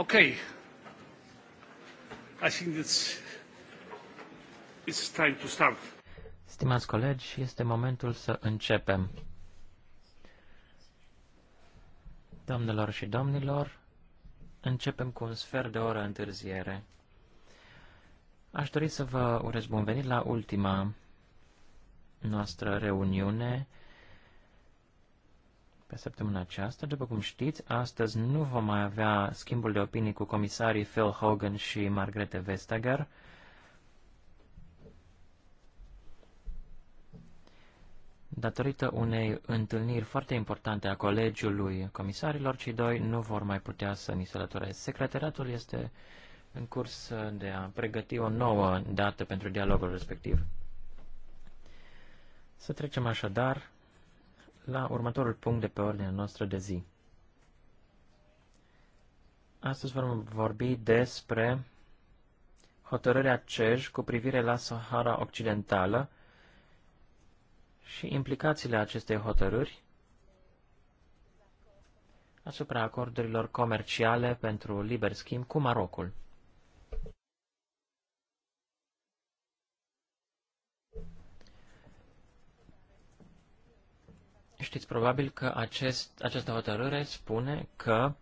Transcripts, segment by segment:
Okay. I think it's, it's time to start. Stimați colegi, este momentul să începem. Doamnelor și domnilor, începem cu un sfert de oră întârziere. Aș dori să vă urez bun venit la ultima noastră reuniune pe săptămâna aceasta. După cum știți, astăzi nu vom mai avea schimbul de opinii cu comisarii Phil Hogan și Margrethe Vestager. Datorită unei întâlniri foarte importante a colegiului comisarilor, cei doi nu vor mai putea să ni se alătureze. Secretariatul este în curs de a pregăti o nouă dată pentru dialogul respectiv. Să trecem așadar la următorul punct de pe ordinea noastră de zi. Astăzi vom vorbi despre hotărârea CEJ cu privire la Sahara Occidentală și implicațiile acestei hotărâri asupra acordurilor comerciale pentru liber schimb cu Marocul. Știți probabil că acest, această hotărâre spune că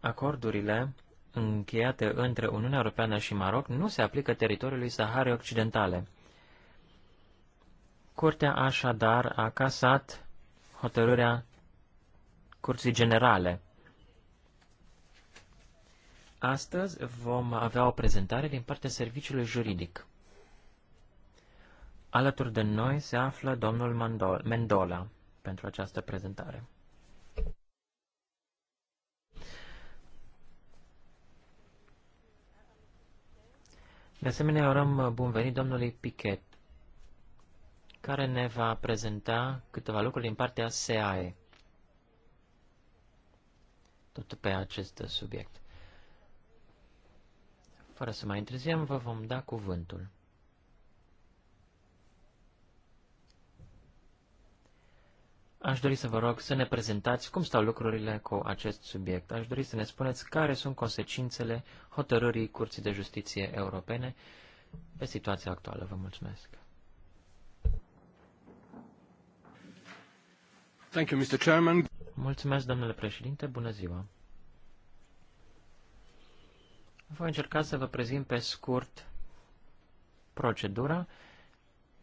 acordurile încheiate între Uniunea Europeană și Maroc nu se aplică teritoriului Saharei Occidentale. Curtea așadar a casat hotărârea Curții Generale. Astăzi vom avea o prezentare din partea serviciului juridic. Alături de noi se află domnul Mendola pentru această prezentare. De asemenea, urăm bun venit domnului Pichet, care ne va prezenta câteva lucruri din partea SAE, tot pe acest subiect. Fără să mai întârziem, vă vom da cuvântul. Aș dori să vă rog să ne prezentați cum stau lucrurile cu acest subiect. Aș dori să ne spuneți care sunt consecințele hotărârii Curții de Justiție Europene pe situația actuală. Vă mulțumesc. Thank you, Mr. Chairman. Mulțumesc, domnule președinte. Bună ziua. Voi încerca să vă prezint pe scurt procedura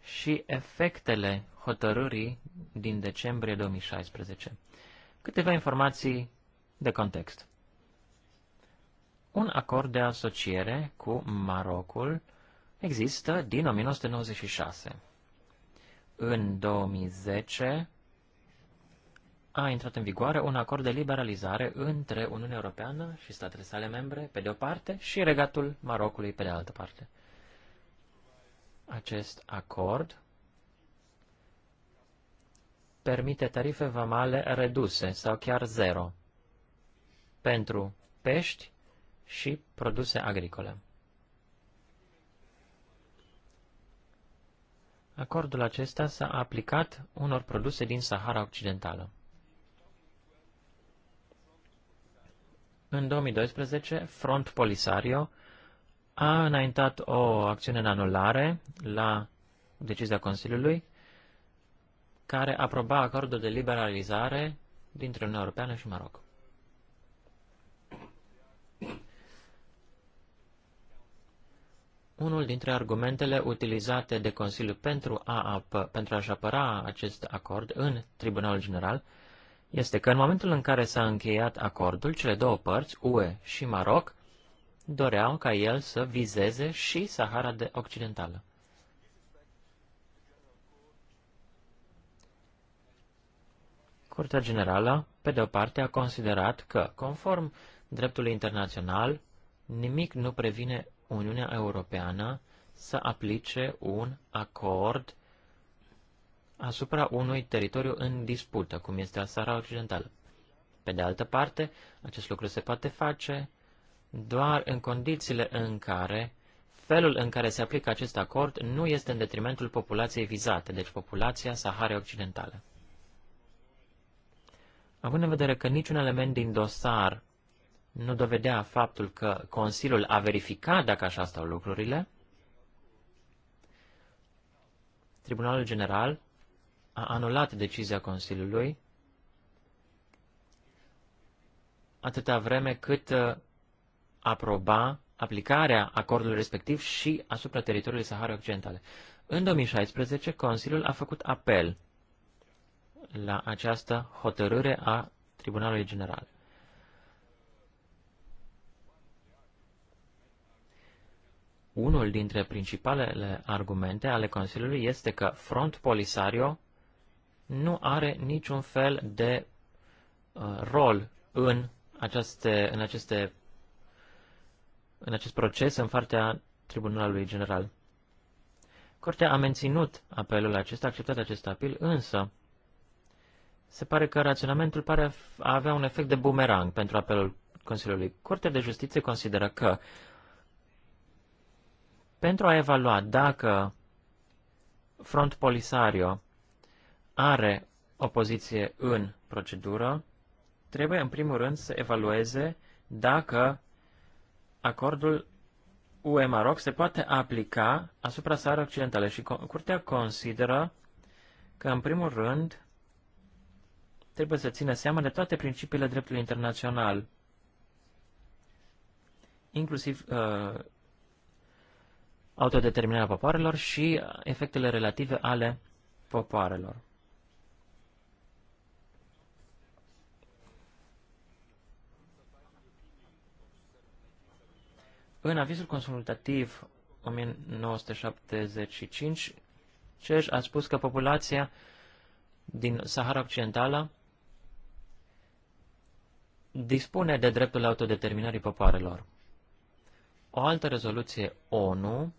și efectele hotărârii din decembrie 2016. Câteva informații de context. Un acord de asociere cu Marocul există din 1996. În 2010 a intrat în vigoare un acord de liberalizare între Uniunea Europeană și statele sale membre, pe de o parte, și regatul Marocului, pe de altă parte. Acest acord permite tarife vamale reduse sau chiar zero pentru pești și produse agricole. Acordul acesta s-a aplicat unor produse din Sahara Occidentală. În 2012, Front Polisario a înaintat o acțiune în anulare la decizia Consiliului care aproba acordul de liberalizare dintre Uniunea Europeană și Maroc. Unul dintre argumentele utilizate de Consiliu pentru, a ap- pentru a-și apăra acest acord în Tribunalul General este că în momentul în care s-a încheiat acordul, cele două părți, UE și Maroc, doreau ca el să vizeze și Sahara de Occidentală. Curtea Generală, pe de o parte, a considerat că, conform dreptului internațional, nimic nu previne Uniunea Europeană să aplice un acord asupra unui teritoriu în dispută, cum este Sahara Occidentală. Pe de altă parte, acest lucru se poate face doar în condițiile în care felul în care se aplică acest acord nu este în detrimentul populației vizate, deci populația Saharei Occidentale. Având în vedere că niciun element din dosar nu dovedea faptul că Consiliul a verificat dacă așa stau lucrurile, Tribunalul General a anulat decizia Consiliului atâta vreme cât uh, aproba aplicarea acordului respectiv și asupra teritoriului Sahara Occidentale. În 2016, Consiliul a făcut apel la această hotărâre a Tribunalului General. Unul dintre principalele argumente ale Consiliului este că Front Polisario nu are niciun fel de uh, rol în aceste, în aceste în acest proces în partea Tribunalului General. Cortea a menținut apelul acesta, a acceptat acest apel, însă se pare că raționamentul pare a avea un efect de bumerang pentru apelul Consiliului. Cortea de Justiție consideră că pentru a evalua dacă Front Polisario are o poziție în procedură, trebuie în primul rând să evalueze dacă acordul UE-Maroc se poate aplica asupra țară occidentale și Curtea consideră că, în primul rând, trebuie să țină seama de toate principiile dreptului internațional, inclusiv uh, autodeterminarea popoarelor și efectele relative ale popoarelor. În avizul consultativ 1975, CEJ a spus că populația din Sahara Occidentală dispune de dreptul autodeterminării popoarelor. O altă rezoluție ONU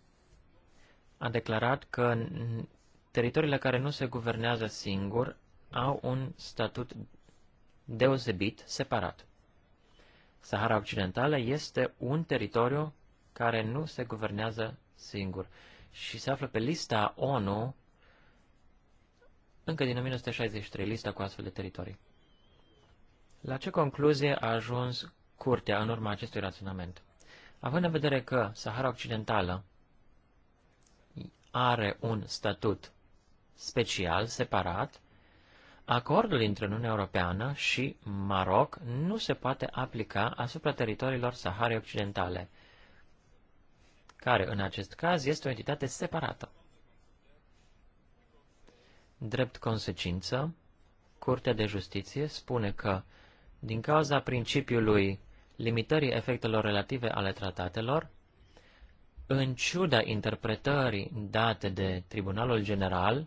a declarat că teritoriile care nu se guvernează singur au un statut deosebit, separat. Sahara Occidentală este un teritoriu care nu se guvernează singur și se află pe lista ONU încă din 1963, lista cu astfel de teritorii. La ce concluzie a ajuns curtea în urma acestui raționament? Având în vedere că Sahara Occidentală are un statut special, separat, Acordul între Uniunea Europeană și Maroc nu se poate aplica asupra teritoriilor Saharei Occidentale, care în acest caz este o entitate separată. Drept consecință, Curtea de Justiție spune că, din cauza principiului limitării efectelor relative ale tratatelor, în ciuda interpretării date de Tribunalul General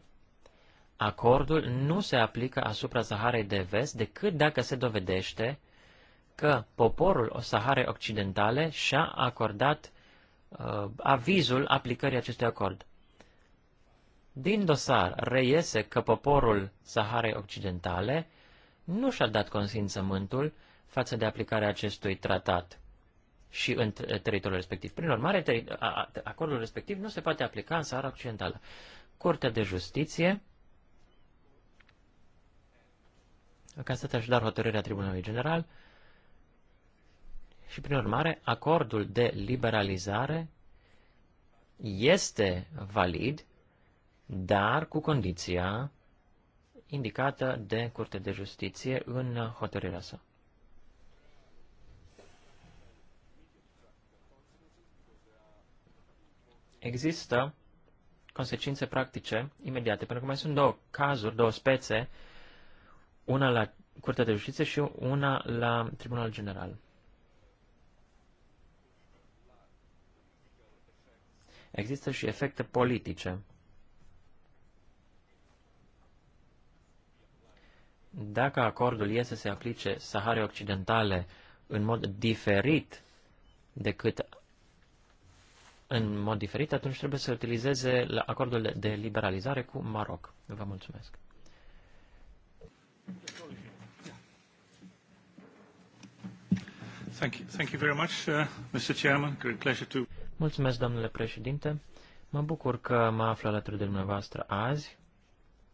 Acordul nu se aplică asupra Saharei de Vest decât dacă se dovedește că poporul o Saharei Occidentale și-a acordat uh, avizul aplicării acestui acord. Din dosar reiese că poporul Saharei Occidentale nu și-a dat consimțământul față de aplicarea acestui tratat și în teritoriul respectiv. Prin urmare, acordul respectiv nu se poate aplica în Sahara Occidentală. Curtea de Justiție Casat așadar hotărârea Tribunalului General și, prin urmare, acordul de liberalizare este valid, dar cu condiția indicată de Curtea de Justiție în hotărârea sa. Există consecințe practice imediate, pentru că mai sunt două cazuri, două spețe una la Curtea de Justiție și una la Tribunal General. Există și efecte politice. Dacă acordul este să se aplice Sahare Occidentale în mod diferit decât în mod diferit, atunci trebuie să utilizeze acordul de liberalizare cu Maroc. Vă mulțumesc. Mulțumesc, domnule președinte. Mă bucur că mă aflu alături de dumneavoastră azi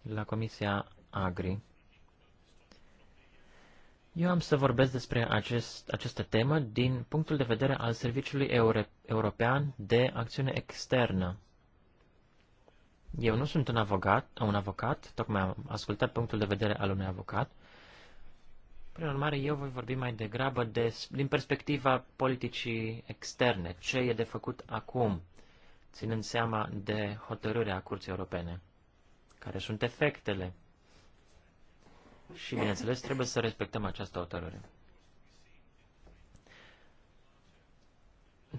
la Comisia Agri. Eu am să vorbesc despre acest, această temă din punctul de vedere al Serviciului Euro- European de Acțiune Externă, eu nu sunt un avocat, un avocat, tocmai am ascultat punctul de vedere al unui avocat. Prin urmare, eu voi vorbi mai degrabă de, din perspectiva politicii externe, ce e de făcut acum, ținând seama de hotărârea Curții Europene, care sunt efectele. Și, bineînțeles, trebuie să respectăm această hotărâre.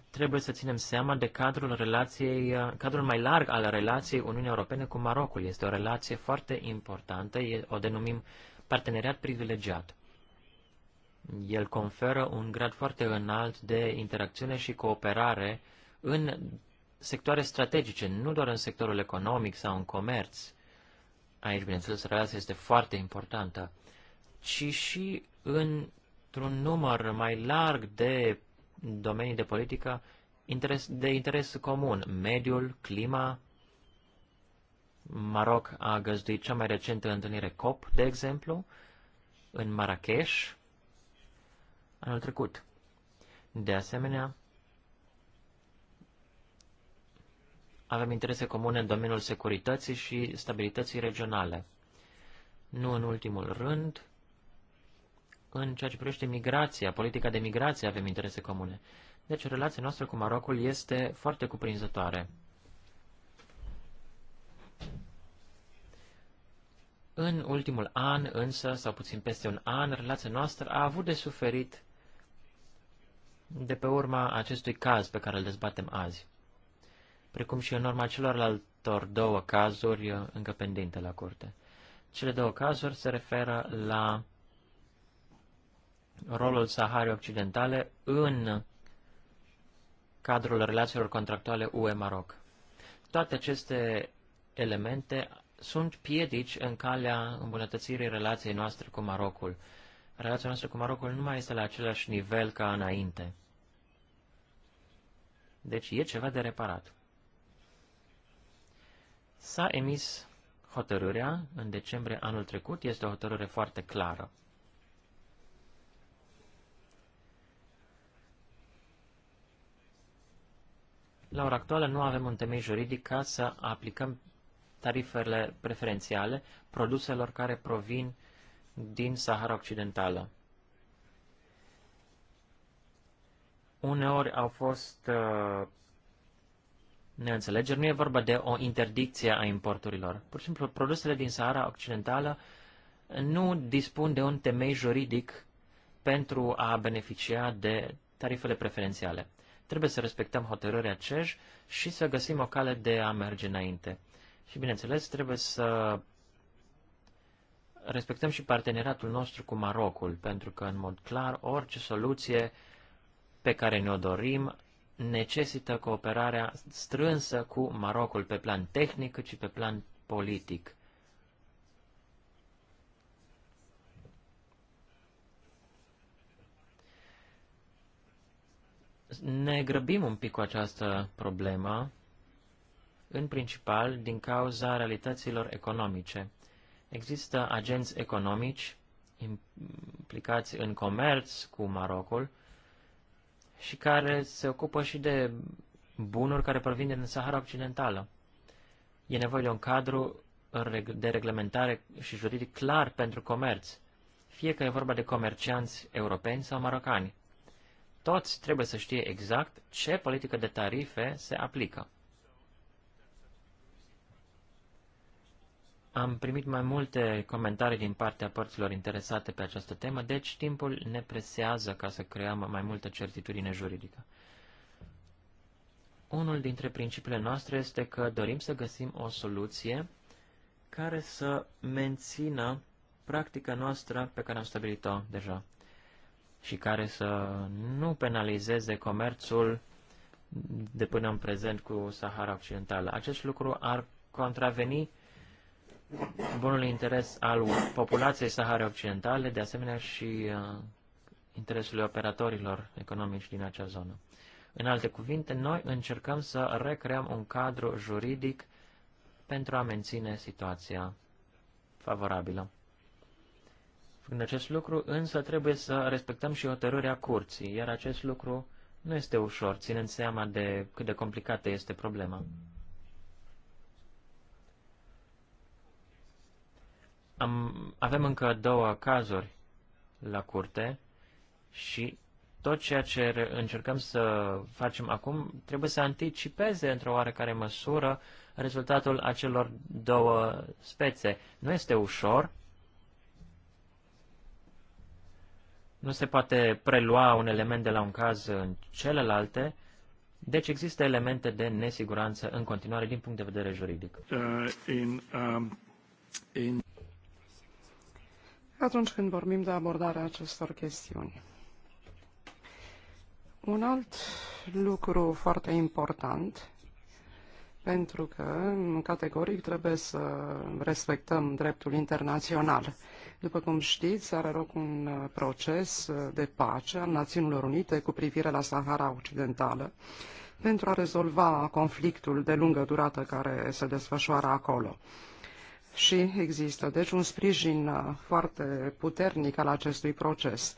trebuie să ținem seama de cadrul, relației, uh, cadrul mai larg al relației Uniunii Europene cu Marocul. Este o relație foarte importantă, o denumim parteneriat privilegiat. El conferă un grad foarte înalt de interacțiune și cooperare în sectoare strategice, nu doar în sectorul economic sau în comerț. Aici, bineînțeles, relația este foarte importantă, ci și într-un număr mai larg de domenii de politică de interes comun, mediul, clima. Maroc a găzduit cea mai recentă întâlnire COP, de exemplu, în Marrakesh anul trecut. De asemenea, avem interese comune în domeniul securității și stabilității regionale. Nu în ultimul rând, în ceea ce privește migrația, politica de migrație, avem interese comune. Deci relația noastră cu Marocul este foarte cuprinzătoare. În ultimul an, însă, sau puțin peste un an, relația noastră a avut de suferit de pe urma acestui caz pe care îl dezbatem azi, precum și în urma celorlaltor două cazuri încă pendente la curte. Cele două cazuri se referă la rolul Saharei Occidentale în cadrul relațiilor contractuale UE-Maroc. Toate aceste elemente sunt piedici în calea îmbunătățirii relației noastre cu Marocul. Relația noastră cu Marocul nu mai este la același nivel ca înainte. Deci e ceva de reparat. S-a emis hotărârea în decembrie anul trecut, este o hotărâre foarte clară. La ora actuală nu avem un temei juridic ca să aplicăm tarifele preferențiale produselor care provin din Sahara Occidentală. Uneori au fost uh, neînțelegeri, nu e vorba de o interdicție a importurilor. Pur și simplu, produsele din Sahara Occidentală nu dispun de un temei juridic pentru a beneficia de tarifele preferențiale. Trebuie să respectăm hotărârea CEJ și să găsim o cale de a merge înainte. Și, bineînțeles, trebuie să respectăm și parteneriatul nostru cu Marocul, pentru că, în mod clar, orice soluție pe care ne-o dorim necesită cooperarea strânsă cu Marocul pe plan tehnic, și pe plan politic. ne grăbim un pic cu această problemă, în principal din cauza realităților economice. Există agenți economici implicați în comerț cu Marocul și care se ocupă și de bunuri care provin din Sahara Occidentală. E nevoie de un cadru de reglementare și juridic clar pentru comerț, fie că e vorba de comercianți europeni sau marocani toți trebuie să știe exact ce politică de tarife se aplică. Am primit mai multe comentarii din partea părților interesate pe această temă, deci timpul ne presează ca să creăm mai multă certitudine juridică. Unul dintre principiile noastre este că dorim să găsim o soluție care să mențină practica noastră pe care am stabilit-o deja și care să nu penalizeze comerțul de până în prezent cu Sahara Occidentală. Acest lucru ar contraveni bunul interes al populației Sahara Occidentale, de asemenea și uh, interesului operatorilor economici din acea zonă. În alte cuvinte, noi încercăm să recreăm un cadru juridic pentru a menține situația favorabilă în acest lucru, însă trebuie să respectăm și hotărârea curții, iar acest lucru nu este ușor, ținând seama de cât de complicată este problema. Am, avem încă două cazuri la curte și tot ceea ce încercăm să facem acum trebuie să anticipeze într-o oarecare măsură rezultatul acelor două spețe. Nu este ușor, nu se poate prelua un element de la un caz în celelalte, deci există elemente de nesiguranță în continuare din punct de vedere juridic. Uh, in, um, in... Atunci când vorbim de abordarea acestor chestiuni. Un alt lucru foarte important, pentru că categoric trebuie să respectăm dreptul internațional. Uh, după cum știți, are loc un uh, proces uh, de pace al Națiunilor Unite cu privire la Sahara Occidentală pentru a rezolva conflictul de lungă durată care se desfășoară acolo. Și există, deci, un sprijin uh, foarte puternic al acestui proces.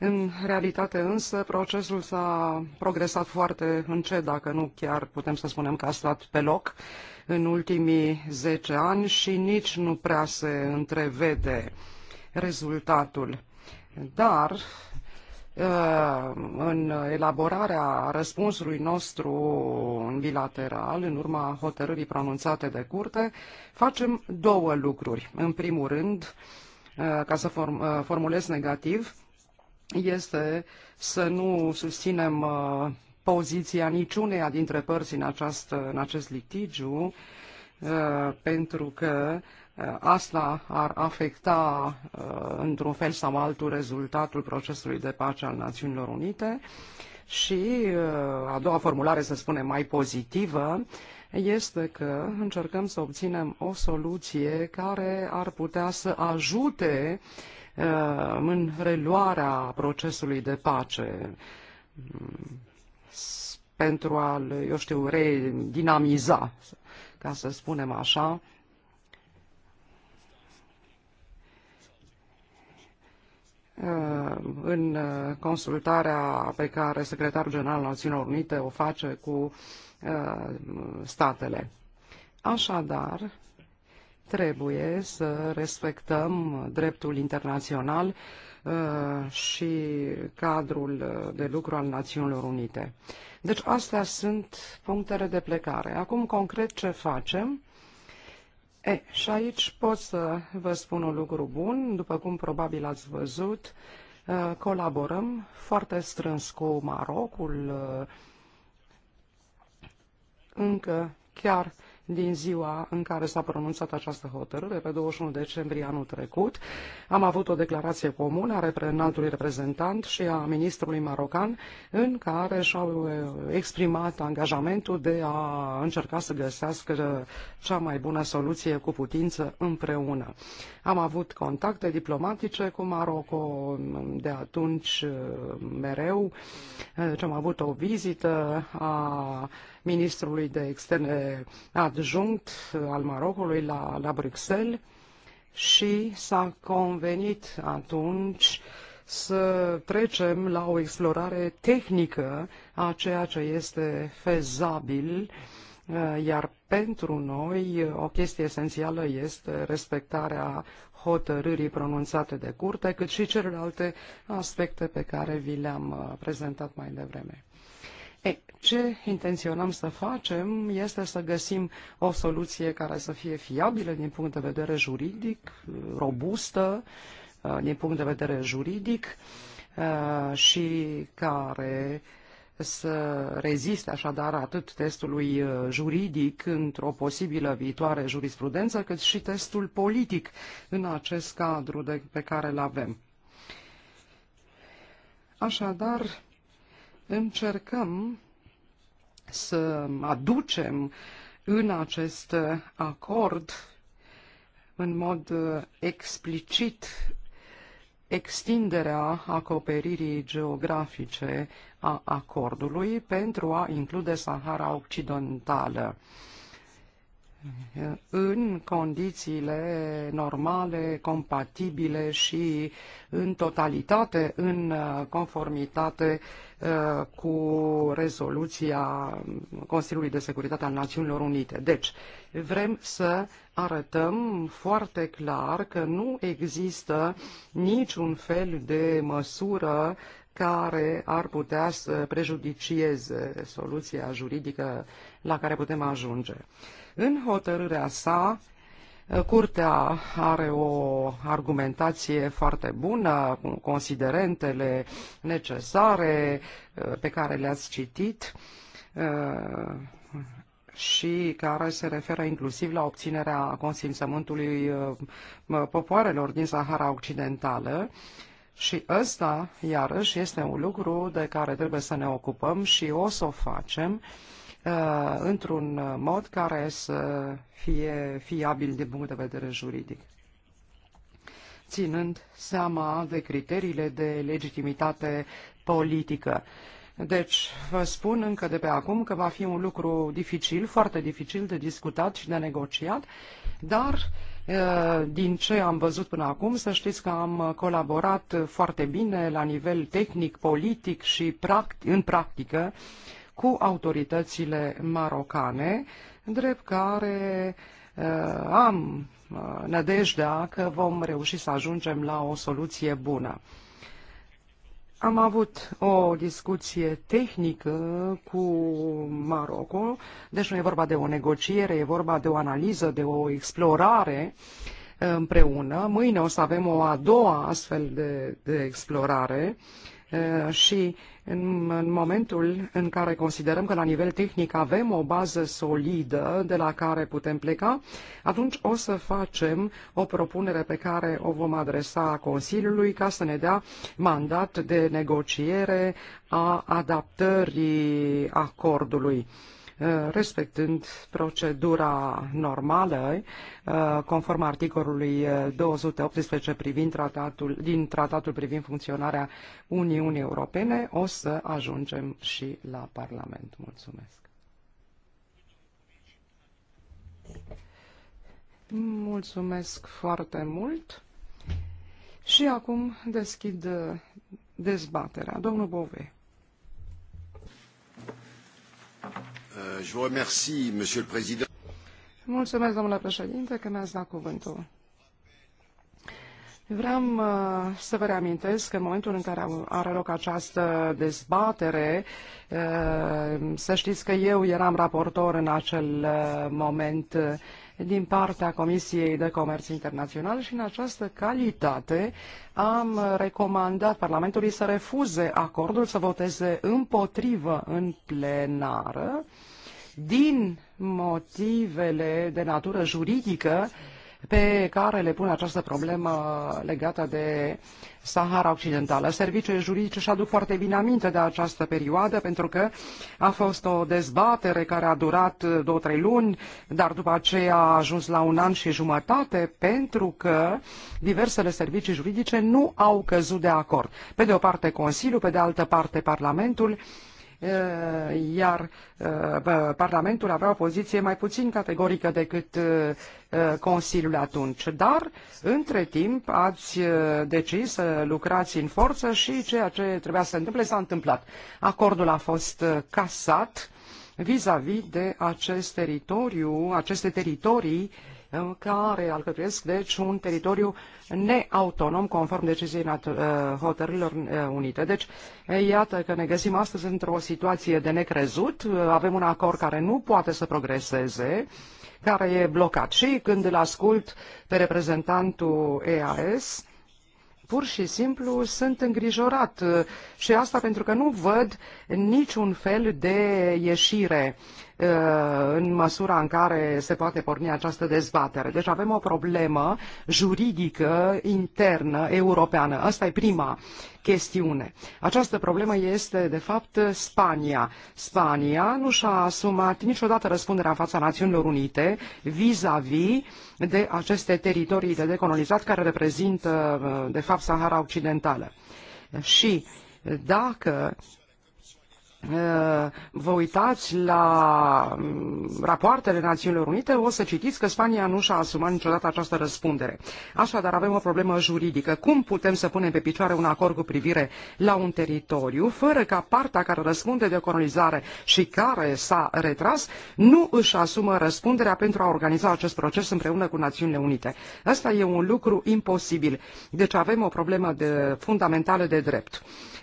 În realitate însă, procesul s-a progresat foarte încet, dacă nu chiar putem să spunem că a stat pe loc în ultimii 10 ani și nici nu prea se întrevede rezultatul. Dar uh, în elaborarea răspunsului nostru în bilateral, în urma hotărârii pronunțate de curte, facem două lucruri. În primul rând, uh, ca să form, uh, formulez negativ, este să nu susținem uh, poziția niciuneia dintre părți în, această, în acest litigiu, uh, pentru că uh, asta ar afecta într-un fel sau altul rezultatul procesului de pace al Națiunilor Unite. Și a doua formulare, să spunem, mai pozitivă, este că încercăm să obținem o soluție care ar putea să ajute uh, în reluarea procesului de pace pentru a-l, eu știu, redinamiza, ca să spunem așa, uh, în uh, consultarea pe care secretarul general Națiunilor Unite o face cu Uh, statele. Așadar, trebuie să respectăm dreptul internațional uh, și cadrul de lucru al Națiunilor Unite. Deci astea sunt punctele de plecare. Acum, concret, ce facem? E, și aici pot să vă spun un lucru bun. După cum probabil ați văzut, uh, colaborăm foarte strâns cu Marocul, încă chiar din ziua în care s-a pronunțat această hotărâre, pe 21 decembrie anul trecut, am avut o declarație comună a înaltului reprezentant și a ministrului marocan, în care și-au uh, exprimat angajamentul de a încerca să găsească cea mai bună soluție cu putință împreună. Am avut contacte diplomatice cu Maroco de atunci uh, mereu, deci am avut o vizită a ministrului de externe adjunct uh, al Marocului la, la Bruxelles și s-a convenit atunci să trecem la o explorare tehnică a ceea ce este fezabil, uh, iar pentru noi uh, o chestie esențială este respectarea hotărârii pronunțate de curte, cât și celelalte aspecte pe care vi le-am prezentat mai devreme ce intenționăm să facem este să găsim o soluție care să fie fiabilă din punct de vedere juridic, robustă uh, din punct de vedere juridic uh, și care să reziste așadar atât testului uh, juridic într-o posibilă viitoare jurisprudență, cât și testul politic în acest cadru de, pe care îl avem. Așadar, încercăm să aducem în acest acord în mod uh, explicit extinderea acoperirii geografice a acordului pentru a include Sahara Occidentală în condițiile normale, compatibile și în totalitate, în uh, conformitate uh, cu rezoluția Consiliului de Securitate al Națiunilor Unite. Deci, vrem să arătăm foarte clar că nu există niciun fel de măsură care ar putea să prejudicieze soluția juridică la care putem ajunge. În hotărârea sa, Curtea are o argumentație foarte bună, cu considerentele necesare uh, pe care le-ați citit uh, și care se referă inclusiv la obținerea consimțământului uh, popoarelor din Sahara Occidentală. Și ăsta, iarăși, este un lucru de care trebuie să ne ocupăm și o să o facem uh, Uh, într-un mod care să fie fiabil din punct de vedere juridic, ținând seama de criteriile de legitimitate politică. Deci, vă spun încă de pe acum că va fi un lucru dificil, foarte dificil de discutat și de negociat, dar uh, din ce am văzut până acum, să știți că am colaborat foarte bine la nivel tehnic, politic și practic, în practică cu autoritățile marocane, drept care uh, am uh, nădejdea că vom reuși să ajungem la o soluție bună. Am avut o discuție tehnică cu Maroco, deci nu e vorba de o negociere, e vorba de o analiză, de o explorare uh, împreună. Mâine o să avem o a doua astfel de, de explorare Eh, și în momentul în care considerăm că la nivel tehnic avem o bază solidă de la care putem pleca, atunci o să facem o propunere pe care o vom adresa Consiliului ca să ne dea mandat de negociere a adaptării acordului. Uh, respectând procedura normală, uh, conform articolului 218 uh, privind tratatul, din tratatul privind funcționarea Uniunii Europene, o să ajungem și la Parlament. Mulțumesc! Mulțumesc foarte mult! Și acum deschid dezbaterea. Domnul Bove. Euh, je vous remercie, Monsieur le Président. Mulțumesc, domnule președinte, că mi-ați dat cuvântul. Vreau uh, să vă reamintesc că în momentul în care are loc această dezbatere, uh, să știți că eu eram raportor în acel uh, moment uh, din partea Comisiei de Comerț Internațional și în această calitate am recomandat Parlamentului să refuze acordul, să voteze împotrivă în plenară din motivele de natură juridică uh, pe care le pune această problemă legată de Sahara Occidentală. Serviciile juridice și aduc foarte bine aminte de această perioadă, pentru că a fost o dezbatere care a durat două-trei luni, dar după aceea a ajuns la un an și jumătate, pentru că diversele servicii juridice nu au căzut de acord. Pe de o parte Consiliul, pe de altă parte Parlamentul, iar Parlamentul avea o poziție mai puțin categorică decât Consiliul atunci. Dar, între timp, ați decis să lucrați în forță și ceea ce trebuia să se întâmple s-a întâmplat. Acordul a fost casat vis-a-vis -vis de acest teritoriu, aceste teritorii uh, care alcătuiesc deci un teritoriu neautonom conform deciziei uh, hotărârilor uh, unite. Deci iată că ne găsim astăzi într-o situație de necrezut, avem un acord care nu poate să progreseze, care e blocat și când îl ascult pe reprezentantul EAS, pur și simplu sunt îngrijorat și asta pentru că nu văd niciun fel de ieșire Uh, în măsura în care se poate porni această dezbatere. Deci avem o problemă juridică internă europeană. Asta e prima chestiune. Această problemă este, de fapt, Spania. Spania nu și-a asumat niciodată răspunderea în fața Națiunilor Unite vis-a-vis -vis de aceste teritorii de decolonizat care reprezintă, uh, de fapt, Sahara Occidentală. Și dacă vă uitați la mm, rapoartele Națiunilor Unite, o să citiți că Spania nu și-a asumat niciodată această răspundere. Așadar, avem o problemă juridică. Cum putem să punem pe picioare un acord cu privire la un teritoriu, fără ca partea care răspunde de colonizare și care s-a retras, nu își asumă răspunderea pentru a organiza acest proces împreună cu Națiunile Unite? Asta e un lucru imposibil. Deci avem o problemă de, fundamentală de drept. Uh,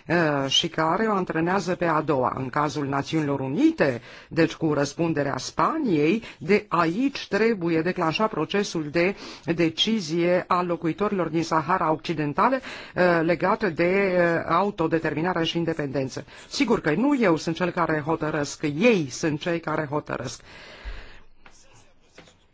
și care o antrenează pe a doua. În cazul Națiunilor Unite, deci cu răspunderea Spaniei, de aici trebuie declanșa procesul de decizie a locuitorilor din Sahara Occidentală legată de autodeterminare și independență. Sigur că nu eu sunt cel care hotărăsc, ei sunt cei care hotărăsc.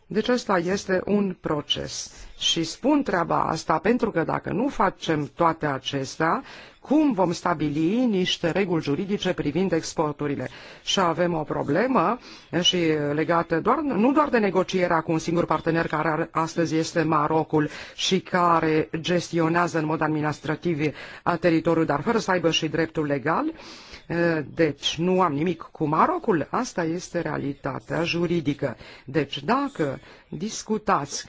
Deci ăsta este un proces. Și spun treaba asta pentru că dacă nu facem toate acestea, cum vom stabili niște reguli juridice privind exporturile. Și avem o problemă și legată doar, nu doar de negocierea cu un singur partener care astăzi este Marocul și care gestionează în mod administrativ teritoriul, dar fără să aibă și dreptul legal, deci nu am nimic cu Marocul, asta este realitatea juridică. Deci dacă discutați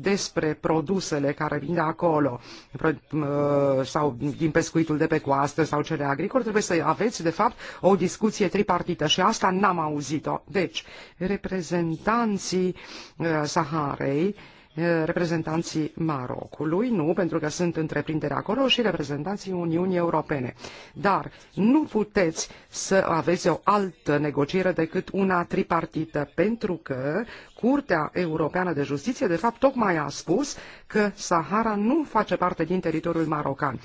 despre produsele care vin de acolo uh, sau din pescuitul de pe coastă sau cele agricole, trebuie să aveți, de fapt, o discuție tripartită și asta n-am auzit-o. Deci, reprezentanții uh, Saharei Eh, reprezentanții Marocului, nu, pentru că sunt întreprinderi acolo și reprezentanții Uniunii Europene. Dar nu puteți să aveți o altă negociere decât una tripartită, pentru că Curtea Europeană de Justiție, de fapt, tocmai a spus că Sahara nu face parte din teritoriul marocan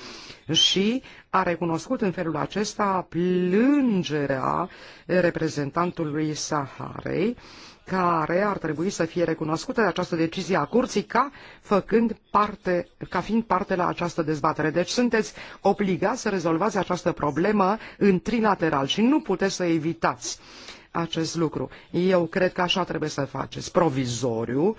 și a recunoscut în felul acesta plângerea reprezentantului Saharei, uh, care ar trebui să fie recunoscută de această decizie a curții ca, făcând parte, ca fiind parte la această dezbatere. Deci sunteți obligați să rezolvați această problemă în trilateral și nu puteți să evitați acest lucru. Eu cred că așa trebuie să faceți. Provizoriu,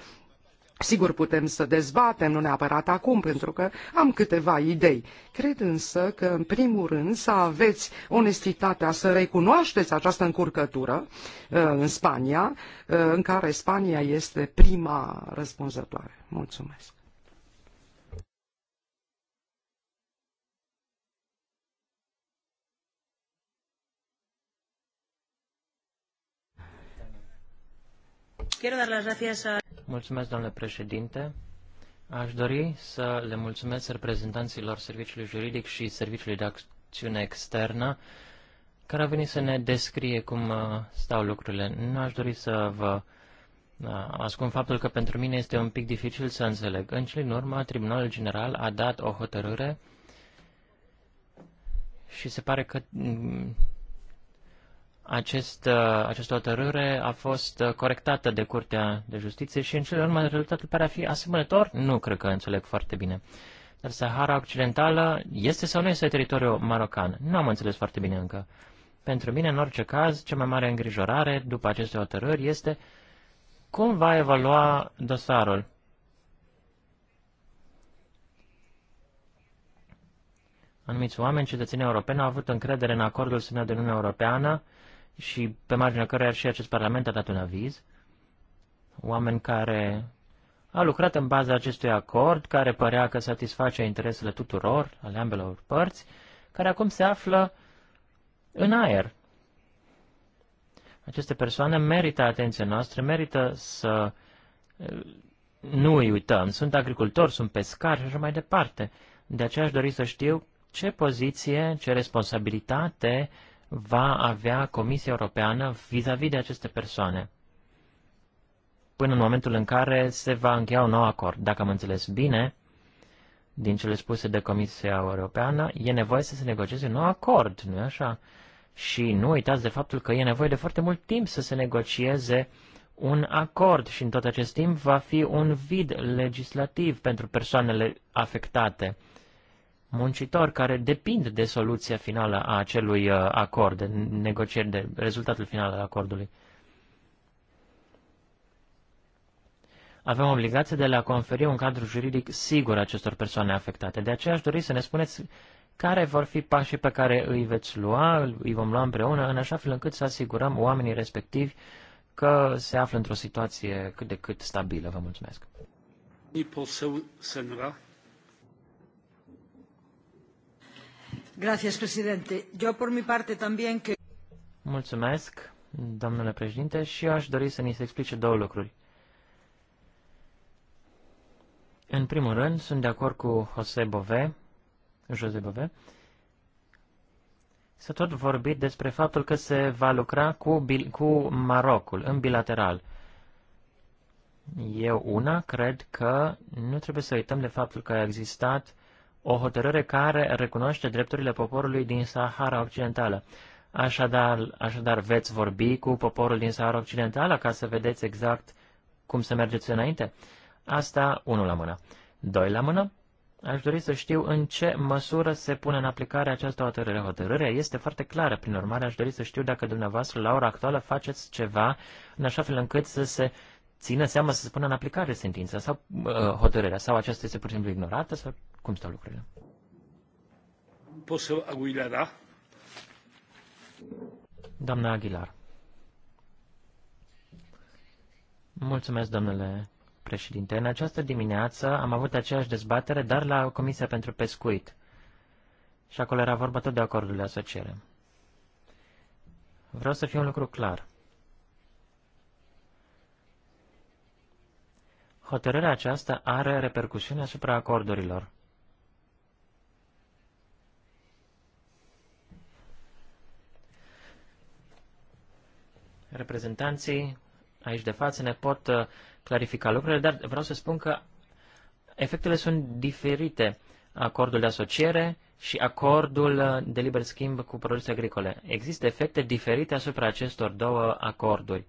Sigur, putem să dezbatem, nu neapărat acum, pentru că am câteva idei. Cred însă că, în primul rând, să aveți onestitatea să recunoașteți această încurcătură uh, în Spania, uh, în care Spania este prima răspunzătoare. Mulțumesc. Quiero dar las gracias a Mulțumesc, domnule președinte. Aș dori să le mulțumesc reprezentanților Serviciului Juridic și Serviciului de Acțiune Externă care a venit să ne descrie cum uh, stau lucrurile. Nu aș dori să vă uh, ascund faptul că pentru mine este un pic dificil să înțeleg. În cele din urmă, Tribunalul General a dat o hotărâre și se pare că mm, acest, uh, această hotărâre a fost uh, corectată de Curtea de Justiție și în cele urmă rezultatul pare a fi asemănător? Nu cred că înțeleg foarte bine. Dar Sahara Occidentală este sau nu este teritoriu marocan? Nu am înțeles foarte bine încă. Pentru mine, în orice caz, cea mai mare îngrijorare după aceste hotărâri este cum va evalua dosarul. Anumiți oameni, cetățenii europeni, au avut încredere în acordul semnat de Uniunea Europeană și pe marginea căreia și acest Parlament a dat un aviz, oameni care a lucrat în baza acestui acord, care părea că satisface interesele tuturor, ale ambelor părți, care acum se află în aer. Aceste persoane merită atenția noastră, merită să nu îi uităm. Sunt agricultori, sunt pescari și așa mai departe. De aceea aș dori să știu ce poziție, ce responsabilitate va avea Comisia Europeană vis-a-vis -vis de aceste persoane, până în momentul în care se va încheia un nou acord. Dacă am înțeles bine, din cele spuse de Comisia Europeană, e nevoie să se negocieze un nou acord, nu e așa? Și nu uitați de faptul că e nevoie de foarte mult timp să se negocieze un acord și în tot acest timp va fi un vid legislativ pentru persoanele afectate muncitori care depind de soluția finală a acelui uh, acord, de negocieri, de rezultatul final al acordului. Avem obligația de a conferi un cadru juridic sigur acestor persoane afectate. De aceea aș dori să ne spuneți care vor fi pașii pe care îi veți lua, îi vom lua împreună, în așa fel încât să asigurăm oamenii respectivi că se află într-o situație cât de cât stabilă. Vă mulțumesc. Eu, Mulțumesc, domnule președinte, și eu aș dori să ni se explice două lucruri. În primul rând, sunt de acord cu Jose Bove, Jose Bove, să tot vorbit despre faptul că se va lucra cu, cu Marocul, în bilateral. Eu una cred că nu trebuie să uităm de faptul că a existat o hotărâre care recunoaște drepturile poporului din Sahara Occidentală. Așadar, așadar, veți vorbi cu poporul din Sahara Occidentală ca să vedeți exact cum să mergeți înainte? Asta, unul la mână. Doi la mână, aș dori să știu în ce măsură se pune în aplicare această hotărâre. Hotărârea este foarte clară, prin urmare aș dori să știu dacă dumneavoastră la ora actuală faceți ceva în așa fel încât să se țină seama să se pună în aplicare sentința sau uh, hotărârea, sau aceasta este pur și simplu ignorată, sau cum stau lucrurile? Poți Aguilera? Da? Doamna Aguilar. Mulțumesc, domnule președinte. În această dimineață am avut aceeași dezbatere, dar la Comisia pentru Pescuit. Și acolo era vorba tot de acordul de asociere. Vreau să fie un lucru clar. hotărârea aceasta are repercusiuni asupra acordurilor. Reprezentanții aici de față ne pot uh, clarifica lucrurile, dar vreau să spun că efectele sunt diferite. Acordul de asociere și acordul uh, de liber schimb cu produse agricole. Există efecte diferite asupra acestor două acorduri.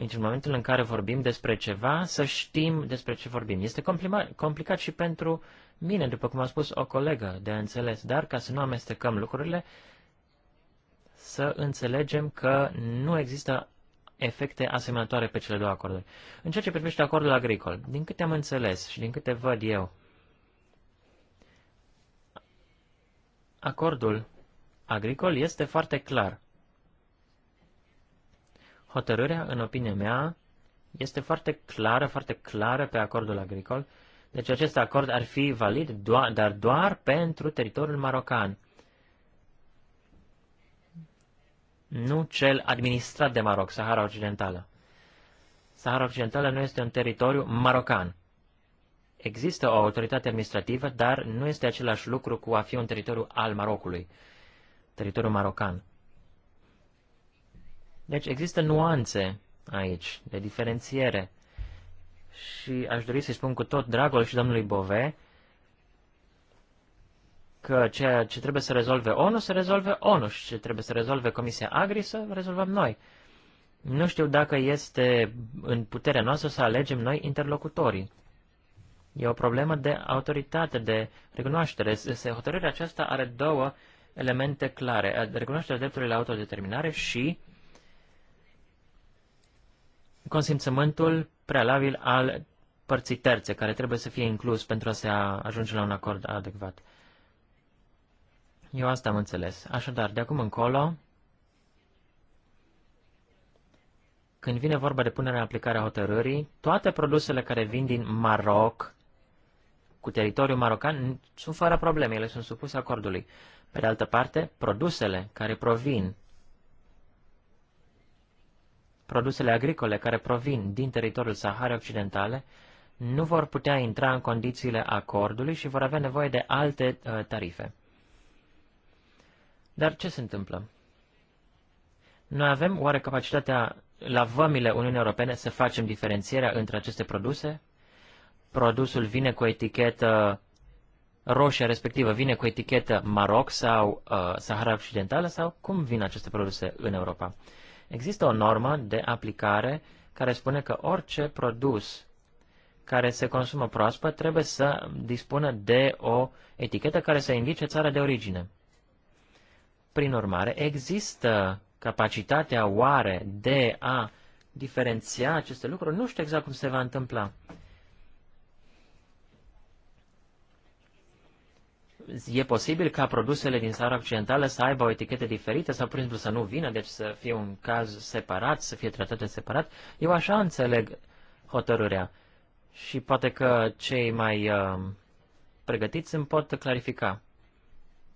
Deci în momentul în care vorbim despre ceva, să știm despre ce vorbim. Este complicat și pentru mine, după cum a spus o colegă, de a înțeles. Dar ca să nu amestecăm lucrurile, să înțelegem că nu există efecte asemănătoare pe cele două acorduri. În ceea ce privește acordul agricol, din câte am înțeles și din câte văd eu, acordul agricol este foarte clar. Hotărârea, în opinia mea, este foarte clară, foarte clară pe acordul agricol. Deci acest acord ar fi valid, doar, dar doar pentru teritoriul marocan. Nu cel administrat de Maroc, Sahara Occidentală. Sahara Occidentală nu este un teritoriu marocan. Există o autoritate administrativă, dar nu este același lucru cu a fi un teritoriu al Marocului, teritoriul marocan. Deci există nuanțe aici, de diferențiere. Și aș dori să-i spun cu tot dragul și domnului Bove că ceea ce trebuie să rezolve ONU, să rezolve ONU și ce trebuie să rezolve Comisia Agri, să rezolvăm noi. Nu știu dacă este în puterea noastră să alegem noi interlocutorii. E o problemă de autoritate, de recunoaștere. Se hotărârea aceasta are două elemente clare. Recunoașterea dreptului la autodeterminare și consimțământul prealabil al părții terțe, care trebuie să fie inclus pentru a se ajunge la un acord adecvat. Eu asta am înțeles. Așadar, de acum încolo, când vine vorba de punerea în aplicare a hotărârii, toate produsele care vin din Maroc, cu teritoriul marocan, sunt fără probleme, ele sunt supuse acordului. Pe de altă parte, produsele care provin produsele agricole care provin din teritoriul Saharei Occidentale nu vor putea intra în condițiile acordului și vor avea nevoie de alte uh, tarife. Dar ce se întâmplă? Noi avem oare capacitatea la vămile Uniunii Europene să facem diferențierea între aceste produse? Produsul vine cu etichetă roșie, respectivă vine cu etichetă Maroc sau uh, Sahara Occidentală sau cum vin aceste produse în Europa? Există o normă de aplicare care spune că orice produs care se consumă proaspăt trebuie să dispună de o etichetă care să indice țara de origine. Prin urmare, există capacitatea oare de a diferenția aceste lucruri? Nu știu exact cum se va întâmpla. e posibil ca produsele din Sahara Occidentală să aibă o etichetă diferită sau, prin și să nu vină, deci să fie un caz separat, să fie tratate separat. Eu așa înțeleg hotărârea și poate că cei mai uh, pregătiți îmi pot clarifica.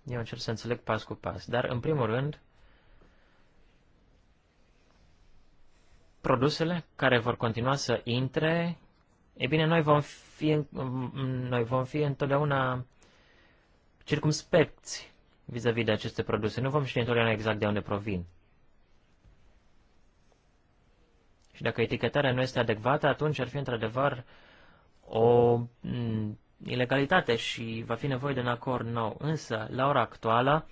Eu încerc să înțeleg pas cu pas, dar, în primul rând, produsele care vor continua să intre, e bine, noi vom fi, noi vom fi întotdeauna circumspecți vis-a-vis -vis de aceste produse. Nu vom ști întotdeauna exact de unde provin. Și dacă etichetarea nu este adecvată, atunci ar fi într-adevăr o ilegalitate și va fi nevoie de un acord nou. Însă, la ora actuală,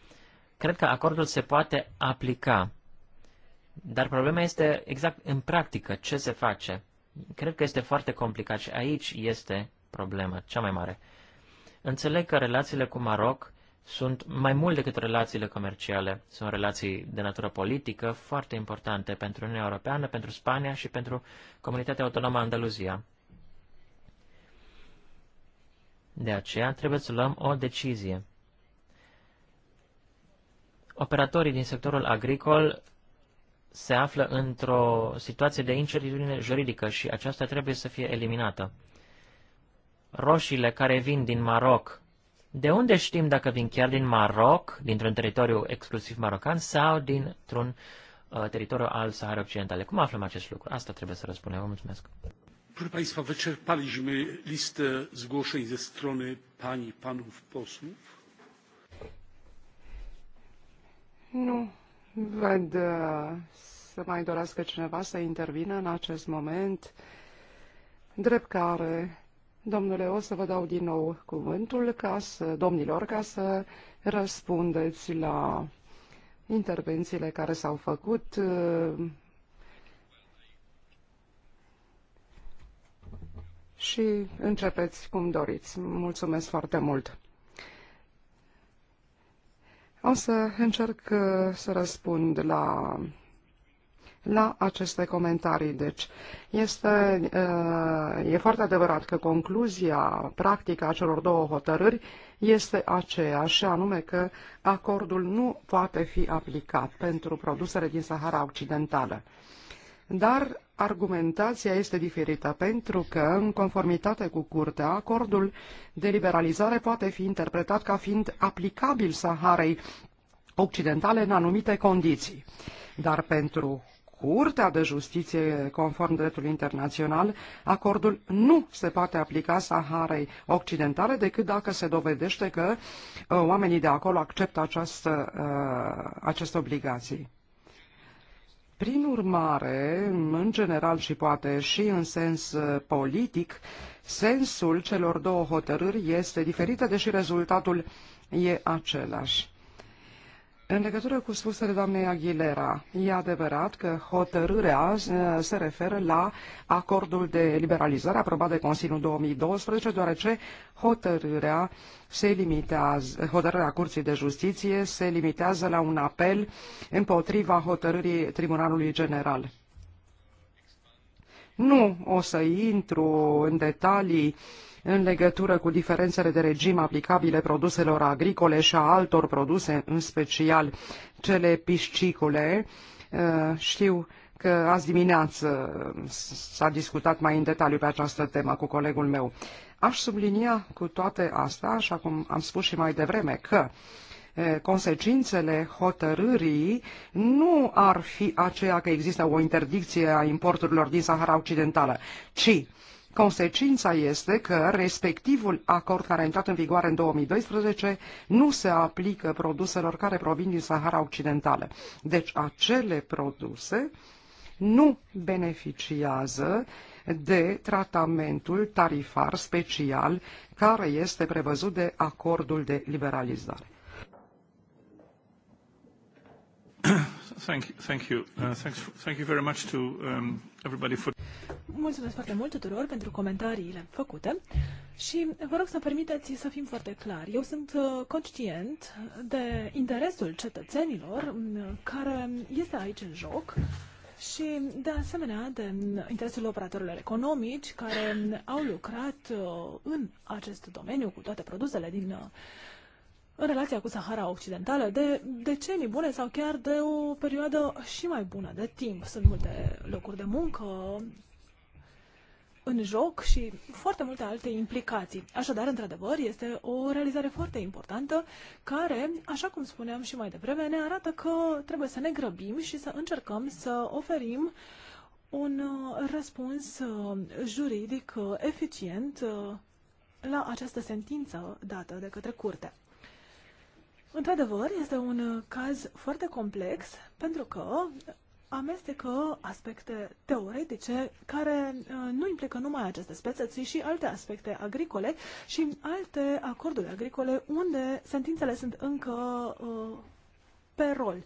cred că acordul se poate aplica. Dar problema este exact în practică ce se face. Cred că este foarte complicat și aici este problema cea mai mare. Înțeleg că relațiile cu Maroc sunt mai mult decât relațiile comerciale. Sunt relații de natură politică foarte importante pentru Uniunea Europeană, pentru Spania și pentru comunitatea autonomă Andaluzia. De aceea trebuie să luăm o decizie. Operatorii din sectorul agricol se află într-o situație de incertitudine juridică și aceasta trebuie să fie eliminată roșiile care vin din Maroc. De unde știm dacă vin chiar din Maroc, dintr-un teritoriu exclusiv marocan, sau dintr-un uh, teritoriu al Sahara Occidentale? Cum aflăm acest lucru? Asta trebuie să răspundem. Vă mulțumesc. Proszę Państwa, wyczerpaliśmy listę zgłoszeń ze strony pani panów posłów. Nu văd uh, să mai dorească cineva să intervină în acest moment, drept care Domnule, o să vă dau din nou cuvântul ca să, domnilor ca să răspundeți la intervențiile care s-au făcut. Uh, și începeți cum doriți. Mulțumesc foarte mult. O să încerc uh, să răspund la la aceste comentarii. Deci, este, uh, e foarte adevărat că concluzia practică a celor două hotărâri este aceea, și anume că acordul nu poate fi aplicat pentru produsele din Sahara Occidentală. Dar argumentația este diferită, pentru că, în conformitate cu curtea, acordul de liberalizare poate fi interpretat ca fiind aplicabil Saharei occidentale în anumite condiții. Dar pentru Curtea de Justiție, conform dreptului internațional, acordul nu se poate aplica Saharei Occidentale decât dacă se dovedește că uh, oamenii de acolo acceptă această, uh, aceste obligații. Prin urmare, în general și poate și în sens uh, politic, sensul celor două hotărâri este diferit, deși rezultatul e același. În legătură cu spusele doamnei Aguilera, e adevărat că hotărârea uh, se referă la acordul de liberalizare aprobat de Consiliul 2012, deoarece hotărârea se limitează, hotărârea Curții de Justiție se limitează la un apel împotriva hotărârii Tribunalului General. Nu o să intru în detalii uh, în legătură cu diferențele de regim aplicabile produselor agricole și a altor produse, în special cele piscicole. Uh, știu că azi dimineață s-a discutat mai în detaliu pe această temă cu colegul meu. Aș sublinia cu toate astea, așa cum am spus și mai devreme, că uh, consecințele hotărârii nu ar fi aceea că există o interdicție a importurilor din Sahara Occidentală, ci Consecința este că respectivul acord care a intrat în vigoare în 2012 nu se aplică produselor care provin din Sahara Occidentală. Deci acele produse nu beneficiază de tratamentul tarifar special care este prevăzut de acordul de liberalizare. Thank you. Thank you. Uh, thanks, thank you very much to um, Mulțumesc foarte mult tuturor pentru comentariile făcute și vă rog să permiteți să fim foarte clari. Eu sunt uh, conștient de interesul cetățenilor mm, care este aici în joc și, de asemenea, de mm, interesul operatorilor economici care au lucrat uh, în acest domeniu cu toate produsele din uh, în relația cu Sahara Occidentală de decenii bune sau chiar de o perioadă și mai bună de timp. Sunt multe locuri de muncă în joc și foarte multe alte implicații. Așadar, într-adevăr, este o realizare foarte importantă care, așa cum spuneam și mai devreme, ne arată că trebuie să ne grăbim și să încercăm să oferim un uh, răspuns uh, juridic uh, eficient la această sentință dată de către curte. Într-adevăr, este un uh, caz foarte complex pentru că amestecă aspecte teoretice care uh, nu implică numai aceste spețe, ci și alte aspecte agricole și alte acorduri agricole unde sentințele sunt încă uh, pe rol.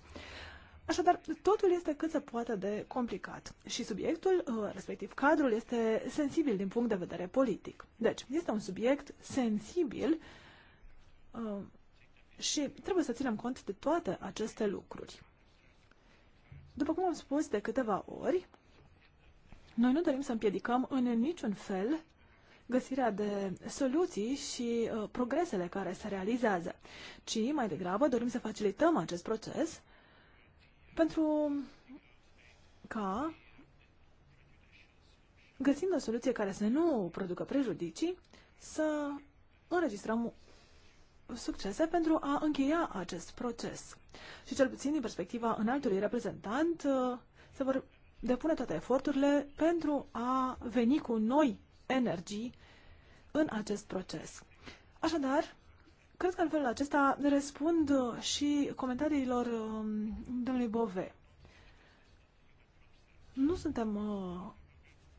Așadar, totul este cât se poate de complicat și subiectul, respectiv cadrul, este sensibil din punct de vedere politic. Deci, este un subiect sensibil și trebuie să ținem cont de toate aceste lucruri. După cum am spus de câteva ori, noi nu dorim să împiedicăm în niciun fel găsirea de soluții și uh, progresele care se realizează, ci mai degrabă dorim să facilităm acest proces pentru ca, găsind o soluție care să nu producă prejudicii, să înregistrăm succese pentru a încheia acest proces. Și cel puțin din perspectiva înaltului reprezentant, uh, se vor depune toate eforturile pentru a veni cu noi energii în acest proces. Așadar, cred că în felul acesta răspund uh, și comentariilor um, domnului Bove. Nu suntem uh,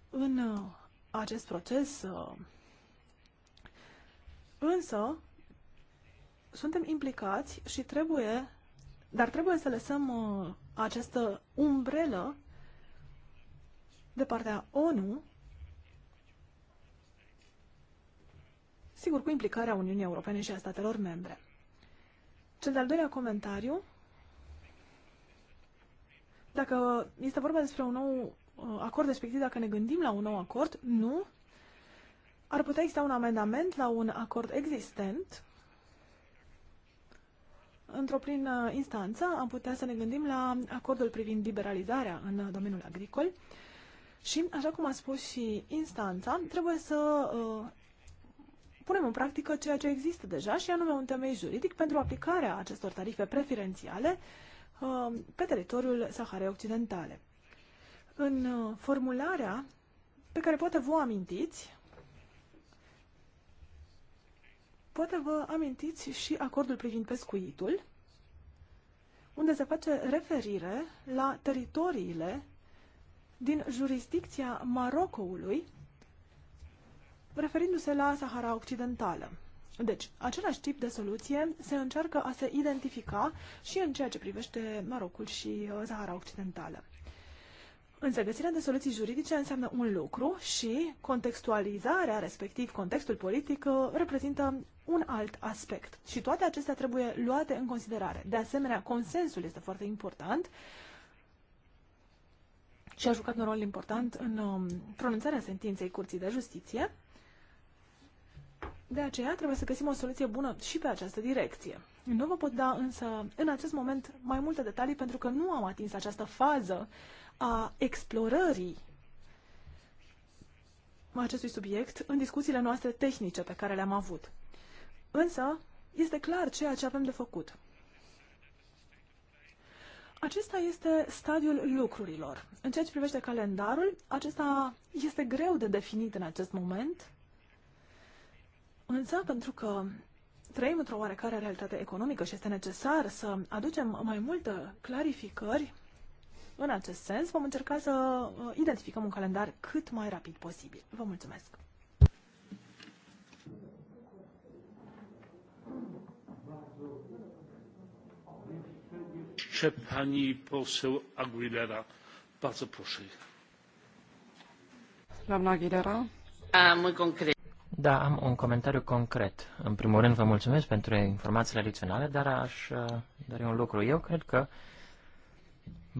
în acest proces, însă suntem implicați și trebuie, dar trebuie să lăsăm uh, această umbrelă de partea ONU, sigur cu implicarea Uniunii Europene și a statelor membre. Cel de-al doilea comentariu, dacă este vorba despre un nou uh, acord, respectiv dacă ne gândim la un nou acord, nu. Ar putea exista un amendament la un acord existent într-o plină instanță am putea să ne gândim la acordul privind liberalizarea în domeniul agricol și, așa cum a spus și instanța, trebuie să uh, punem în practică ceea ce există deja și anume un temei juridic pentru aplicarea acestor tarife preferențiale uh, pe teritoriul Saharei Occidentale. În uh, formularea pe care poate vă amintiți, Poate vă amintiți și acordul privind pescuitul, unde se face referire la teritoriile din jurisdicția Marocoului, referindu-se la Sahara Occidentală. Deci, același tip de soluție se încearcă a se identifica și în ceea ce privește Marocul și uh, Sahara Occidentală. Însă găsirea de soluții juridice înseamnă un lucru și contextualizarea, respectiv contextul politic, uh, reprezintă un alt aspect. Și toate acestea trebuie luate în considerare. De asemenea, consensul este foarte important și a jucat un rol important în um, pronunțarea sentinței Curții de Justiție. De aceea trebuie să găsim o soluție bună și pe această direcție. Nu vă pot da însă în acest moment mai multe detalii pentru că nu am atins această fază a explorării acestui subiect în discuțiile noastre tehnice pe care le-am avut. Însă, este clar ceea ce avem de făcut. Acesta este stadiul lucrurilor. În ceea ce privește calendarul, acesta este greu de definit în acest moment, însă pentru că trăim într-o oarecare realitate economică și este necesar să aducem mai multe clarificări în acest sens, vom încerca să uh, identificăm un calendar cât mai rapid posibil. Vă mulțumesc! Jeszcze pani poseł Aguilera. Bardzo proszę. Doamna Aguilera. Muy concret. Da, am un comentariu concret. În primul rând, vă mulțumesc pentru informațiile adiționale, dar aș uh, dori un lucru. Eu cred că uh,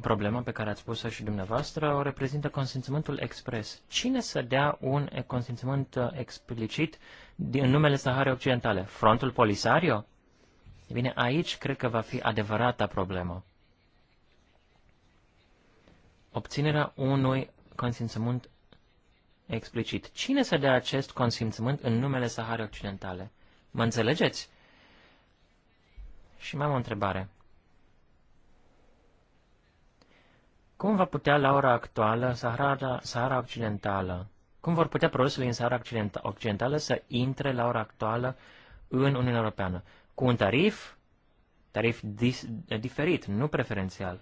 Problema pe care ați spus-o și dumneavoastră o reprezintă consimțământul expres. Cine să dea un consimțământ uh, explicit din numele Saharei Occidentale? Frontul Polisario? E bine, aici cred că va fi adevărata problemă. Obținerea unui consimțământ explicit. Cine să dea acest consimțământ în numele Saharei Occidentale? Mă înțelegeți? Și mai am o întrebare. Cum va putea la ora actuală Sahara, Sahara Occidentală, cum vor putea produsele din Sahara Occidentală să intre la ora actuală în Uniunea Europeană? Cu un tarif, tarif dis, diferit, nu preferențial.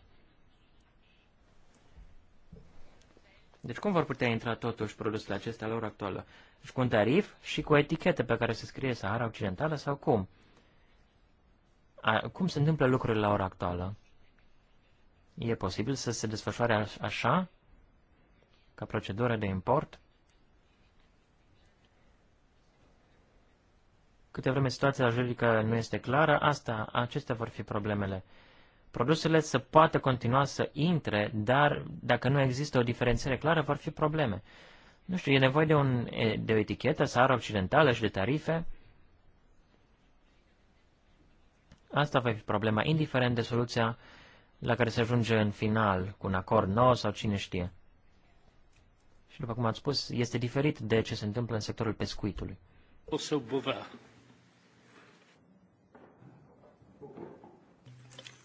Deci cum vor putea intra totuși produsele acestea la ora actuală? Deci cu un tarif și cu etichete pe care se scrie Sahara Occidentală sau cum? A, cum se întâmplă lucrurile la ora actuală? E posibil să se desfășoare așa, ca procedură de import? Câte vreme situația juridică nu este clară, asta, acestea vor fi problemele. Produsele să poată continua să intre, dar dacă nu există o diferențiere clară, vor fi probleme. Nu știu, e nevoie de, un, de o etichetă, sară occidentală și de tarife. Asta va fi problema, indiferent de soluția la care se ajunge în final cu un acord nou sau cine știe. Și după cum ați spus, este diferit de ce se întâmplă în sectorul pescuitului. O să buvea.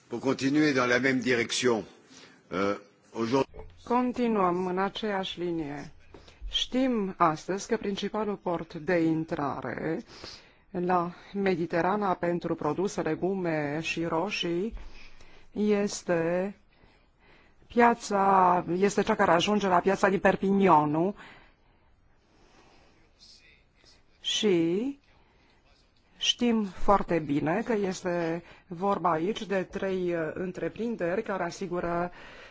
Pour continuer dans la même direction, euh, Continuăm în aceeași linie. Știm astăzi că principalul port de intrare la Mediterana pentru produse, legume și roșii este piața, este cea care ajunge la piața din Perpignanu și Știm foarte bine că este vorba aici de trei uh, întreprinderi care asigură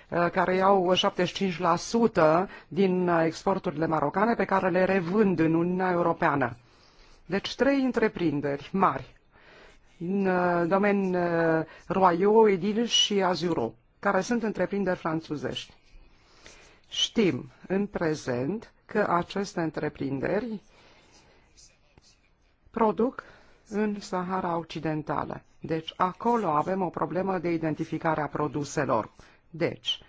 uh, care iau 75% din uh, exporturile marocane pe care le revând în Uniunea Europeană. Deci trei întreprinderi mari în uh, domeni uh, Roaio, Edil și Azuro, care sunt întreprinderi franțuzești. Știm în prezent că aceste întreprinderi produc în Sahara Occidentală. Deci acolo avem o problemă de identificare a produselor. Deci,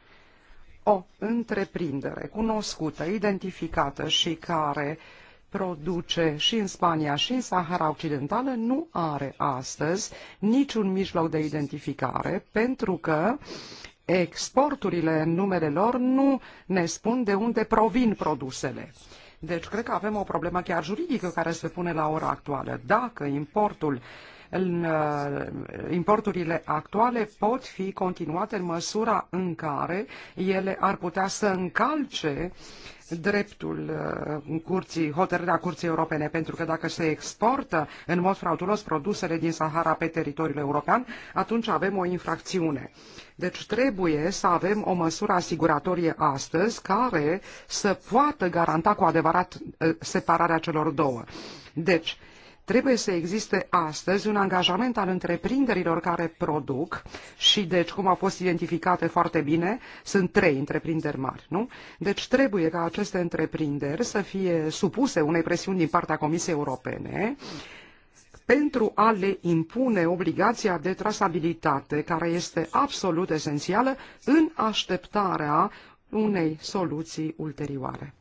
o întreprindere cunoscută, identificată și care uh, produce și în Spania și în Sahara Occidentală nu are astăzi niciun mijloc de identificare pentru că exporturile în numele lor nu ne spun de unde provin produsele. Deci cred că avem o problemă chiar juridică care se pune la ora actuală. Dacă importul uh, importurile actuale pot fi continuate în măsura în care ele ar putea să încalce dreptul uh, curții, hotărârea Curții Europene, pentru că dacă se exportă în mod fraudulos produsele din Sahara pe teritoriul european, atunci avem o infracțiune. Deci trebuie să avem o măsură asiguratorie astăzi care să poată garanta cu adevărat uh, separarea celor două. Deci, Trebuie să existe astăzi un angajament al întreprinderilor care produc și, deci, cum au fost identificate foarte bine, sunt trei întreprinderi mari, nu? Deci trebuie ca aceste întreprinderi să fie supuse unei presiuni din partea Comisiei Europene pentru a le impune obligația de trasabilitate, care este absolut esențială în așteptarea unei soluții ulterioare.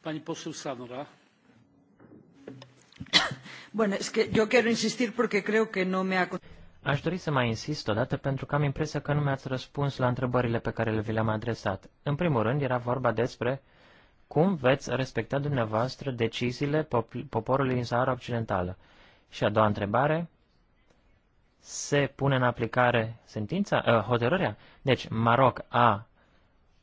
Pani Sanora. Bueno, es que yo quiero insistir porque creo que no me ha... Aș dori să mai insist o dată pentru că am impresia că nu mi-ați răspuns la întrebările pe care vi le-am adresat. În primul rând, era vorba despre cum veți respecta dumneavoastră deciziile pop- poporului din Sahara Occidentală. Și a doua întrebare, se pune în aplicare sentința, uh, hotărârea? Deci, Maroc a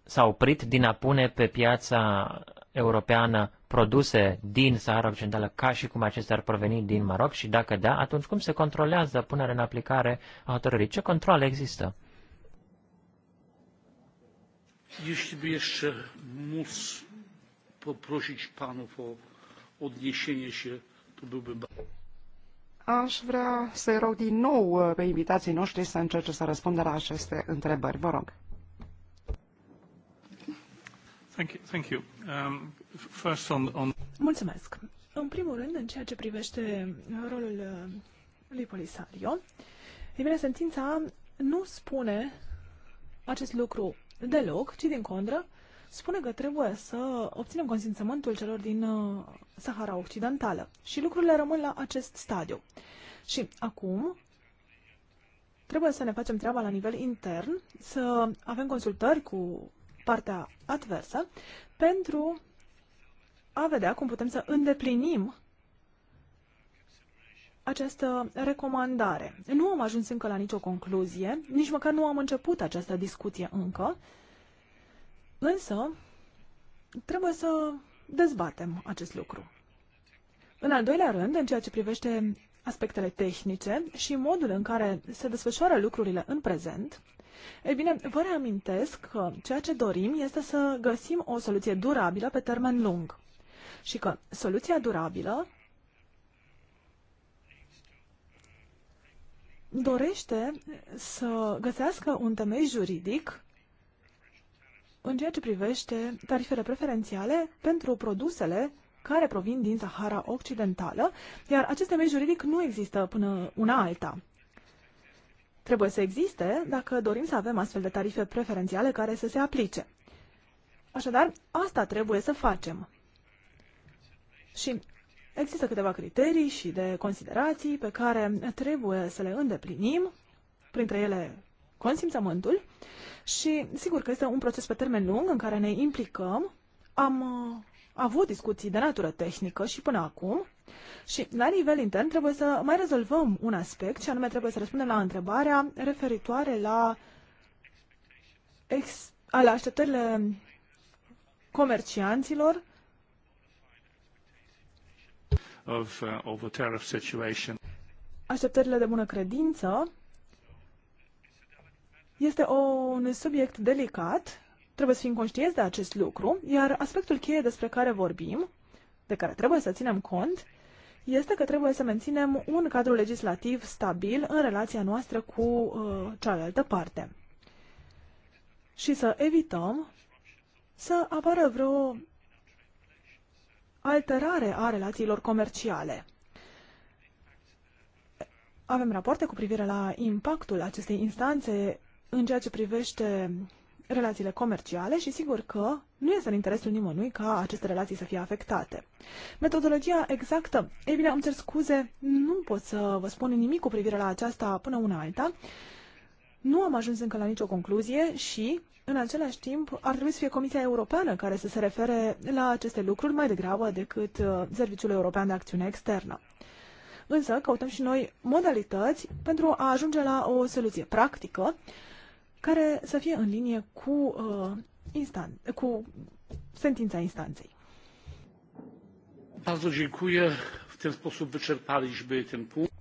s-a oprit din a pune pe piața europeană produse din Sahara Occidentală ca și cum acestea ar proveni din Maroc și dacă da, atunci cum se controlează punerea în aplicare a hotărârii? Ce control există? Jeśli by jeszcze móc poprosić panów o odniesienie się, to byłby Aș vrea să-i rog din nou uh, pe invitații noștri să încerce să răspundă la aceste întrebări. Vă rog. Um, Mulțumesc. În primul rând, în ceea ce privește rolul uh, lui Polisario, e bine, sentința nu spune acest lucru deloc, ci din contră, spune că trebuie să obținem consimțământul celor din uh, Sahara Occidentală. Și lucrurile rămân la acest stadiu. Și acum trebuie să ne facem treaba la nivel intern, să avem consultări cu partea adversă pentru a vedea cum putem să îndeplinim această recomandare. Nu am ajuns încă la nicio concluzie, nici măcar nu am început această discuție încă, însă trebuie să dezbatem acest lucru. În al doilea rând, în ceea ce privește aspectele tehnice și modul în care se desfășoară lucrurile în prezent, ei bine, vă reamintesc că ceea ce dorim este să găsim o soluție durabilă pe termen lung și că soluția durabilă dorește să găsească un temei juridic în ceea ce privește tarifele preferențiale pentru produsele care provin din Sahara Occidentală, iar acest temei juridic nu există până una alta trebuie să existe dacă dorim să avem astfel de tarife preferențiale care să se aplice. Așadar, asta trebuie să facem. Și există câteva criterii și de considerații pe care trebuie să le îndeplinim, printre ele consimțământul și sigur că este un proces pe termen lung în care ne implicăm. Am uh, avut discuții de natură tehnică și până acum și la nivel intern trebuie să mai rezolvăm un aspect și anume trebuie să răspundem la întrebarea referitoare la, ex, la așteptările comercianților of, uh, of tariff situation. Așteptările de bună credință este un subiect delicat Trebuie să fim conștienți de acest lucru, iar aspectul cheie despre care vorbim, de care trebuie să ținem cont, este că trebuie să menținem un cadru legislativ stabil în relația noastră cu uh, cealaltă parte și să evităm să apară vreo alterare a relațiilor comerciale. Avem rapoarte cu privire la impactul acestei instanțe în ceea ce privește relațiile comerciale și sigur că nu este în interesul nimănui ca aceste relații să fie afectate. Metodologia exactă, ei bine, am cer scuze, nu pot să vă spun nimic cu privire la aceasta până una alta. Nu am ajuns încă la nicio concluzie și, în același timp, ar trebui să fie Comisia Europeană care să se refere la aceste lucruri mai degrabă decât uh, Serviciul European de Acțiune Externă. Însă căutăm și noi modalități pentru a ajunge la o soluție practică care să fie în linie cu, uh, instan- cu sentința instanței. Bardzo dziękuję. W ten sposób wyczerpaliśmy ten punkt.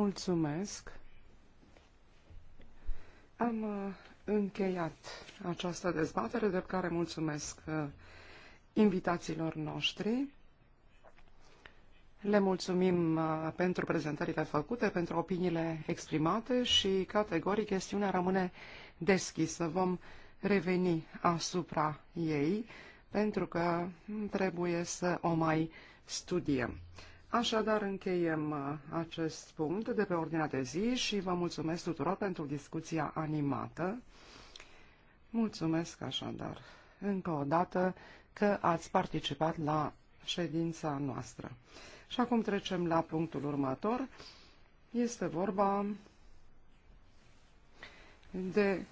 Mulțumesc. Am uh, încheiat această dezbatere, de care mulțumesc uh, invitațiilor noștri. Le mulțumim uh, pentru prezentările făcute, pentru opiniile exprimate și categoric chestiunea rămâne deschisă. Vom reveni asupra ei pentru că trebuie să o mai studiem. Așadar, încheiem uh, acest punct de pe ordinea de zi și vă mulțumesc tuturor pentru discuția animată. Mulțumesc așadar încă o dată că ați participat la ședința noastră. Și acum trecem la punctul următor. Este vorba de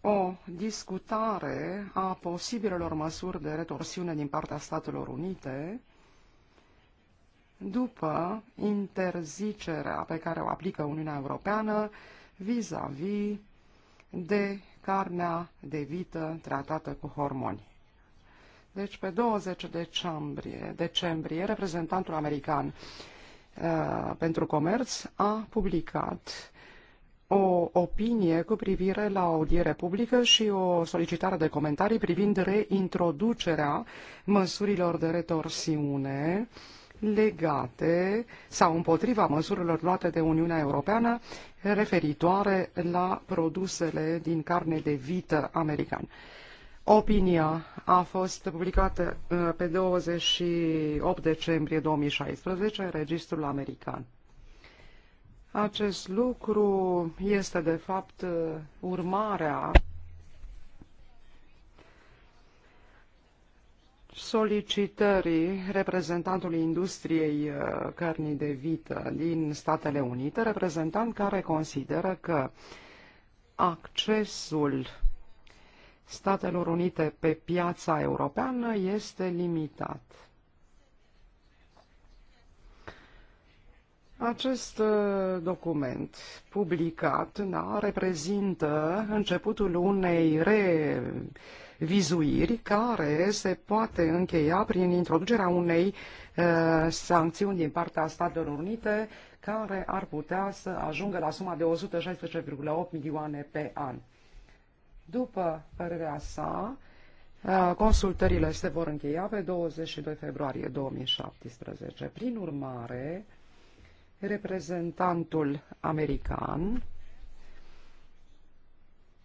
o discutare a posibilelor măsuri de retorsiune din partea Statelor Unite după interzicerea pe care o aplică Uniunea Europeană vis-a-vis -vis de carnea de vită tratată cu hormoni. Deci, pe 20 decembrie, decembrie reprezentantul american uh, pentru comerț a publicat o opinie cu privire la audiere publică și o solicitare de comentarii privind reintroducerea măsurilor de retorsiune legate sau împotriva măsurilor luate de Uniunea Europeană referitoare la produsele din carne de vită american. Opinia a fost publicată uh, pe 28 decembrie 2016 în Registrul American. Acest lucru este, de fapt, urmarea solicitării reprezentantului industriei uh, cărnii de vită din Statele Unite, reprezentant care consideră că accesul Statelor Unite pe piața europeană este limitat. Acest uh, document publicat da, reprezintă începutul unei revizuiri care se poate încheia prin introducerea unei uh, sancțiuni din partea Statelor Unite care ar putea să ajungă la suma de 116,8 milioane pe an. După părerea sa, uh, consultările se vor încheia pe 22 februarie 2017. Prin urmare, reprezentantul american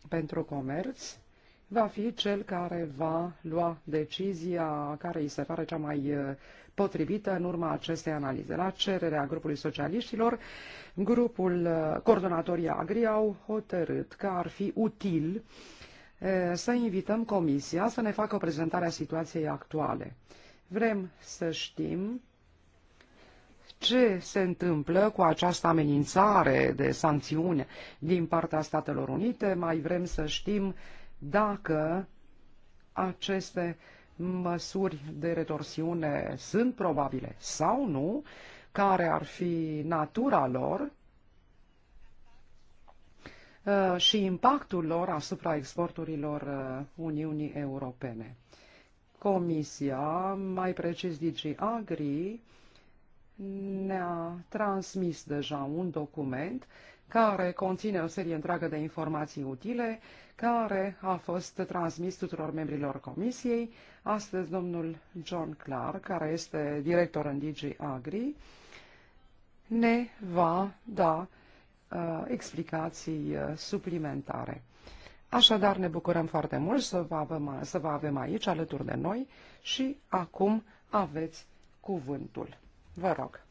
pentru comerț va fi cel care va lua decizia care îi se pare cea mai uh, potrivită în urma acestei analize. La cererea grupului socialiștilor, grupul uh, coordonatorii agri au hotărât că ar fi util uh, să invităm comisia să ne facă o prezentare a situației actuale. Vrem să știm ce se întâmplă cu această amenințare de sancțiune din partea Statelor Unite. Mai vrem să știm dacă aceste măsuri de retorsiune sunt probabile sau nu, care ar fi natura lor uh, și impactul lor asupra exporturilor uh, Uniunii Europene. Comisia, mai precis DG Agri, ne-a transmis deja un document care conține o serie întreagă de informații utile, care a fost transmis tuturor membrilor comisiei. Astăzi, domnul John Clark, care este director în DG Agri, ne va da uh, explicații uh, suplimentare. Așadar, ne bucurăm foarte mult să vă, avem, să vă avem aici alături de noi și acum aveți cuvântul. Vă rog.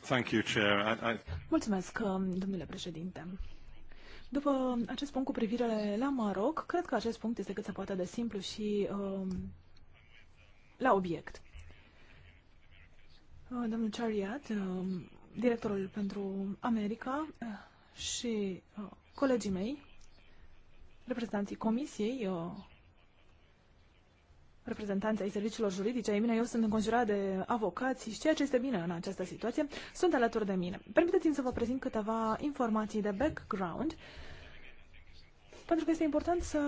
Thank you, Chair. I, I... Mulțumesc, uh, domnule președinte. După acest punct cu privire la Maroc, cred că acest punct este cât se poate de simplu și um, la obiect. Uh, domnul Chariat, um, directorul pentru America și uh, colegii mei, reprezentanții Comisiei, uh, reprezentanți ai serviciilor juridice, ei bine, eu sunt înconjurat de avocați și ceea ce este bine în această situație, sunt alături de mine. Permiteți-mi să vă prezint câteva informații de background, pentru că este important să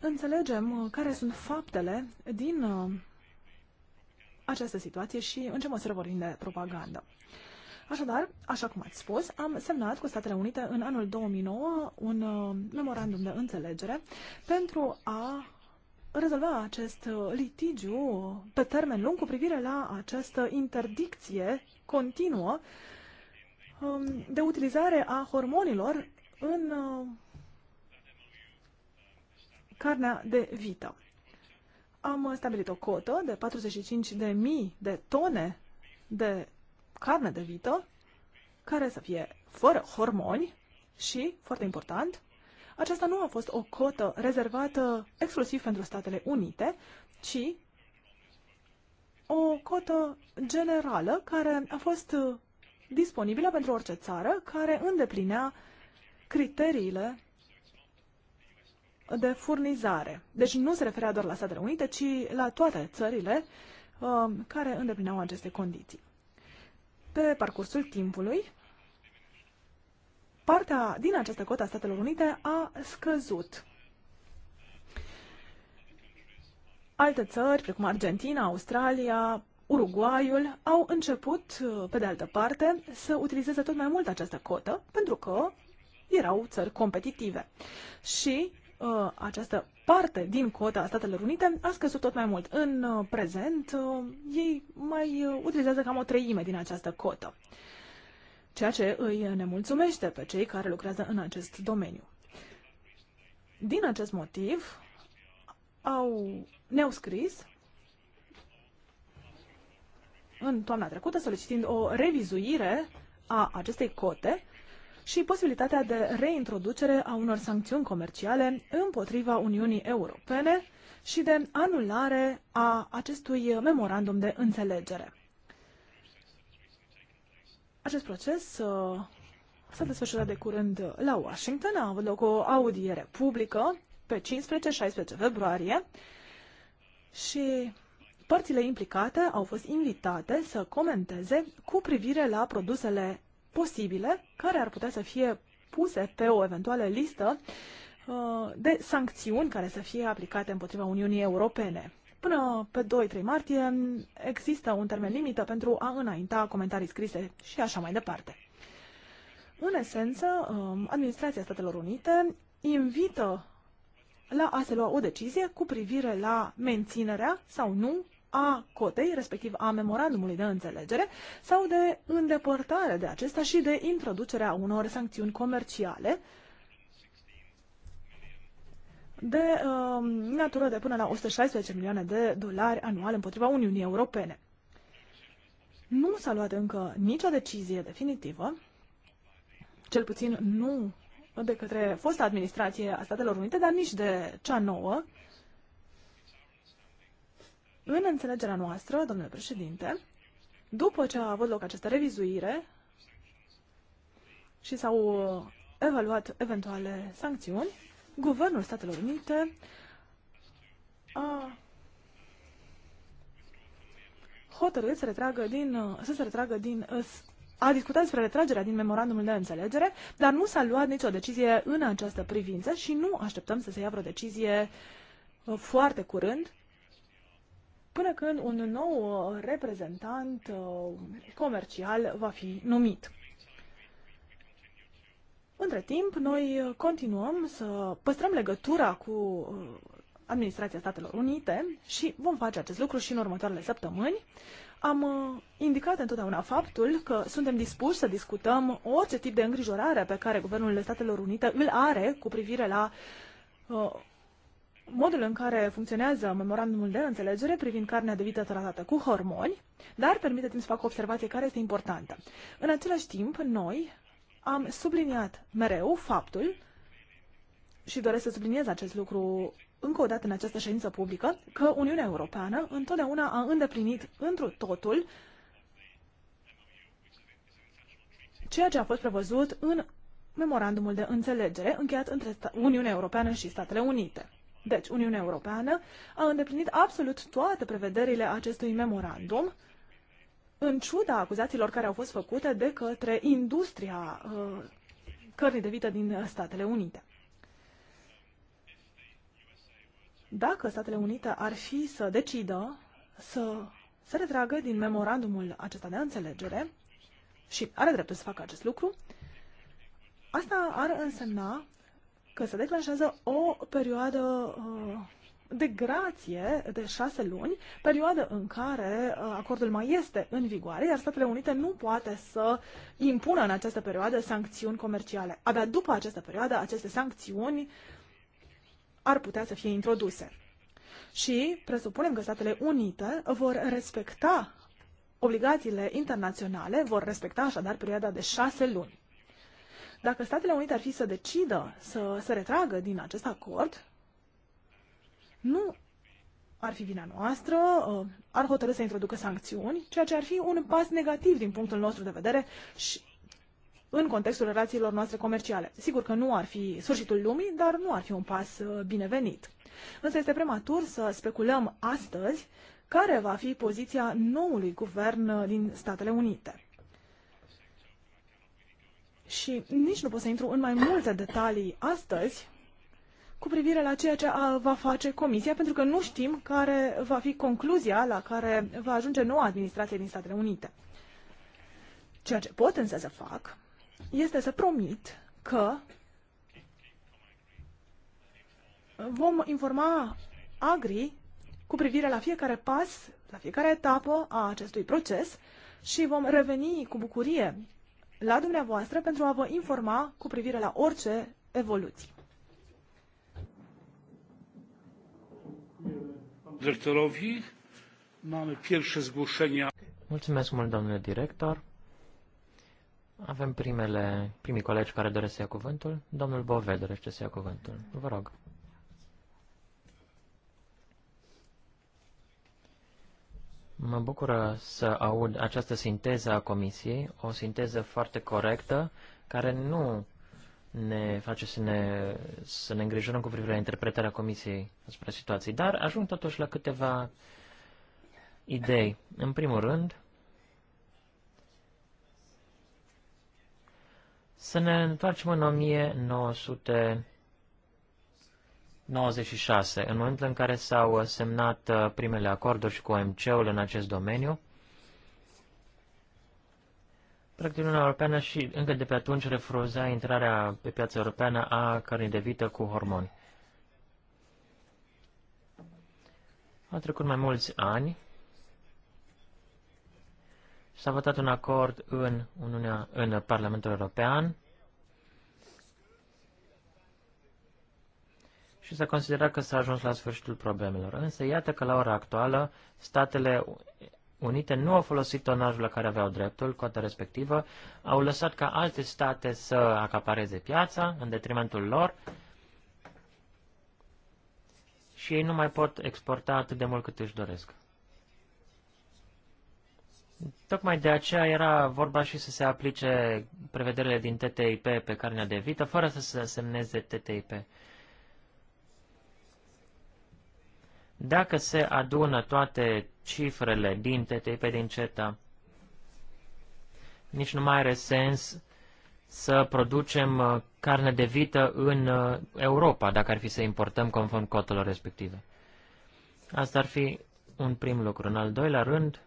înțelegem care sunt faptele din uh, această situație și în ce măsură vorbim de propagandă. Așadar, așa cum ați spus, am semnat cu Statele Unite în anul 2009 un uh, memorandum de înțelegere pentru a rezolva acest uh, litigiu pe termen lung cu privire la această interdicție continuă um, de utilizare a hormonilor în uh, carnea de vită. Am stabilit o cotă de 45.000 de tone de carne de vită care să fie fără hormoni și, foarte important, aceasta nu a fost o cotă rezervată exclusiv pentru Statele Unite, ci o cotă generală care a fost uh, disponibilă pentru orice țară care îndeplinea criteriile de furnizare. Deci nu se referea doar la Statele Unite, ci la toate țările uh, care îndeplineau aceste condiții. Pe parcursul timpului, partea din această cotă a Statelor Unite a scăzut. Alte țări, precum Argentina, Australia, Uruguayul, au început, pe de altă parte, să utilizeze tot mai mult această cotă, pentru că erau țări competitive. Și uh, această parte din cota a Statelor Unite a scăzut tot mai mult. În uh, prezent, uh, ei mai uh, utilizează cam o treime din această cotă. Uh, ceea ce îi nemulțumește pe cei care lucrează în acest domeniu. Din acest motiv, au, ne-au scris în toamna trecută solicitând o revizuire a acestei cote și posibilitatea de reintroducere a unor sancțiuni comerciale împotriva Uniunii Europene și de anulare a acestui memorandum de înțelegere. Acest proces uh, s-a desfășurat de curând la Washington. A avut loc o audiere publică pe 15-16 februarie și părțile implicate au fost invitate să comenteze cu privire la produsele posibile care ar putea să fie puse pe o eventuală listă uh, de sancțiuni care să fie aplicate împotriva Uniunii Europene. Până pe 2-3 martie există un termen limită pentru a înainta comentarii scrise și așa mai departe. În esență, um, Administrația Statelor Unite invită la a se lua o decizie cu privire la menținerea sau nu a cotei, respectiv a memorandumului de înțelegere, sau de îndepărtare de acesta și de introducerea unor sancțiuni comerciale de uh, natură de până la 116 milioane de dolari anual împotriva Uniunii Europene. Nu s-a luat încă nicio decizie definitivă, cel puțin nu de către fosta administrație a Statelor Unite, dar nici de cea nouă. În înțelegerea noastră, domnule președinte, după ce a avut loc această revizuire și s-au evaluat eventuale sancțiuni, Guvernul Statelor Unite a hotărât să, retragă din, să se retragă din a discutat despre retragerea din memorandumul de înțelegere, dar nu s-a luat nicio decizie în această privință și nu așteptăm să se ia vreo decizie uh, foarte curând, până când un nou uh, reprezentant uh, comercial va fi numit. Între timp, noi uh, continuăm să păstrăm legătura cu uh, Administrația Statelor Unite și vom face acest lucru și în următoarele săptămâni. Am uh, indicat întotdeauna faptul că suntem dispuși să discutăm orice tip de îngrijorare pe care Guvernul Statelor Unite îl are cu privire la modul în care funcționează memorandumul de înțelegere privind carnea de vită tratată cu hormoni, dar permiteți-mi să fac o observație care este importantă. În același timp, noi am subliniat mereu faptul și doresc să subliniez acest lucru încă o dată în această ședință publică, că Uniunea Europeană întotdeauna a îndeplinit întru totul ceea ce a fost prevăzut în memorandumul de înțelegere încheiat între Uniunea Europeană și Statele Unite. Deci, Uniunea Europeană a îndeplinit absolut toate prevederile acestui memorandum în ciuda acuzațiilor care au fost făcute de către industria uh, cărnii de vită din Statele Unite. Dacă Statele Unite ar fi să decidă să se retragă din memorandumul acesta de înțelegere și are dreptul să facă acest lucru, asta ar însemna că se declanșează o perioadă uh, de grație de șase luni, perioadă în care uh, acordul mai este în vigoare, iar Statele Unite nu poate să impună în această perioadă sancțiuni comerciale. Abia după această perioadă, aceste sancțiuni ar putea să fie introduse. Și presupunem că Statele Unite vor respecta obligațiile internaționale, vor respecta așadar perioada de șase luni. Dacă Statele Unite ar fi să decidă să se retragă din acest acord, nu ar fi vina noastră, uh, ar hotărâ să introducă sancțiuni, ceea ce ar fi un pas negativ din punctul nostru de vedere și în contextul relațiilor noastre comerciale. Sigur că nu ar fi sfârșitul lumii, dar nu ar fi un pas uh, binevenit. Însă este prematur să speculăm astăzi care va fi poziția noului guvern uh, din Statele Unite. Și nici nu pot să intru în mai multe detalii astăzi, cu privire la ceea ce a, va face Comisia, pentru că nu știm care va fi concluzia la care va ajunge noua administrație din Statele Unite. Ceea ce pot însă să fac este să promit că vom informa Agri cu privire la fiecare pas, la fiecare etapă a acestui proces și vom reveni cu bucurie la dumneavoastră pentru a vă informa cu privire la orice evoluție. dyrektorowi. Mamy pierwsze zgłoszenia. Mulțumesc mult, domnule director. Avem primele, primii colegi care doresc să ia cuvântul. Domnul Bove dorește să ia cuvântul. Vă rog. Mă bucură să aud această sinteză a Comisiei, o sinteză foarte corectă, care nu ne face să ne, să ne îngrijorăm cu privire la interpretarea Comisiei asupra situației. Dar ajung totuși la câteva idei. În primul rând, să ne întoarcem în 1996, în momentul în care s-au semnat uh, primele acorduri și cu OMC-ul în acest domeniu. Practic, Uniunea Europeană și încă de pe atunci refuza intrarea pe piața europeană a cărnii de vită cu hormoni. Au trecut mai mulți ani. S-a votat un acord în, Uniunea, în Parlamentul European și s-a considerat că s-a ajuns la sfârșitul problemelor. Însă iată că la ora actuală statele Unite nu au folosit tonajul la care aveau dreptul, cota respectivă, au lăsat ca alte state să acapareze piața în detrimentul lor și ei nu mai pot exporta atât de mult cât își doresc. Tocmai de aceea era vorba și să se aplice prevederile din TTIP pe carnea de vită, fără să se semneze TTIP. Dacă se adună toate cifrele din TTIP, din CETA, nici nu mai are sens să producem uh, carne de vită în uh, Europa, dacă ar fi să importăm conform cotelor respective. Asta ar fi un prim lucru. În al doilea rând,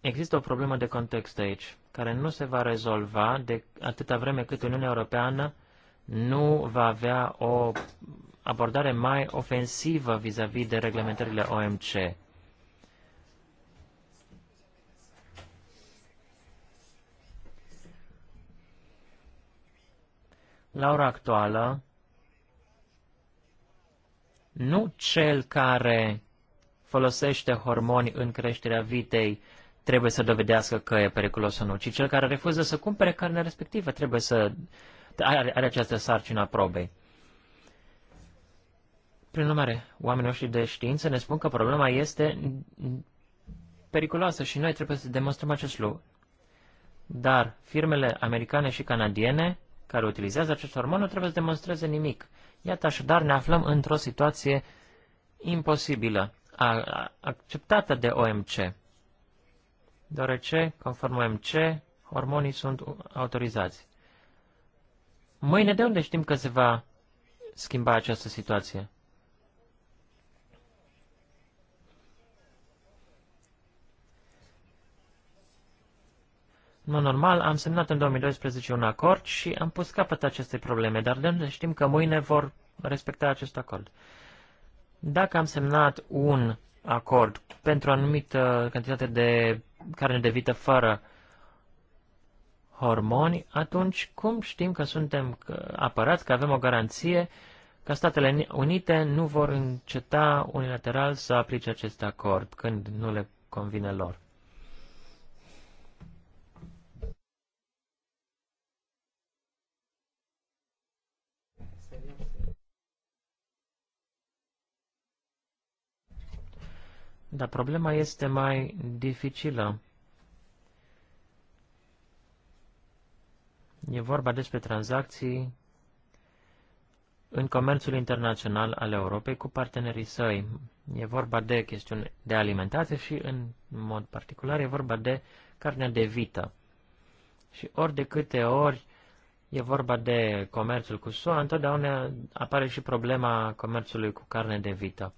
există o problemă de context aici, care nu se va rezolva de atâta vreme cât Uniunea Europeană nu va avea o abordare mai ofensivă vis-a-vis -vis de reglementările OMC. La ora actuală, nu cel care folosește hormoni în creșterea vitei trebuie să dovedească că e periculos sau nu, ci cel care refuză să cumpere carnea respectivă trebuie să uh, are, are această sarcină a probei. Prin urmare, oamenii noștri de știință ne spun că problema este periculoasă și noi trebuie să demonstrăm acest lucru. Dar firmele americane și canadiene care utilizează acest hormon nu trebuie să demonstreze nimic. Iată așadar ne aflăm într-o situație imposibilă, a, a, acceptată de OMC. Deoarece, conform OMC, hormonii sunt autorizați. Mâine de unde știm că se va schimba această situație? În normal, am semnat în 2012 un acord și am pus capăt acestei probleme, dar de unde știm că mâine vor respecta acest acord? Dacă am semnat un acord pentru o anumită cantitate de carne de vită fără uh, hormoni, atunci cum știm că suntem apărați, că avem o garanție că Statele Unite nu vor înceta unilateral să aplice acest acord când nu le convine lor? Dar problema este mai dificilă. E vorba despre tranzacții în comerțul internațional al Europei cu partenerii săi. E vorba de chestiuni de alimentație și, în mod particular, e vorba de carnea de vită. Și ori de câte ori e vorba de comerțul cu SUA, întotdeauna apare și problema comerțului cu carne de vită.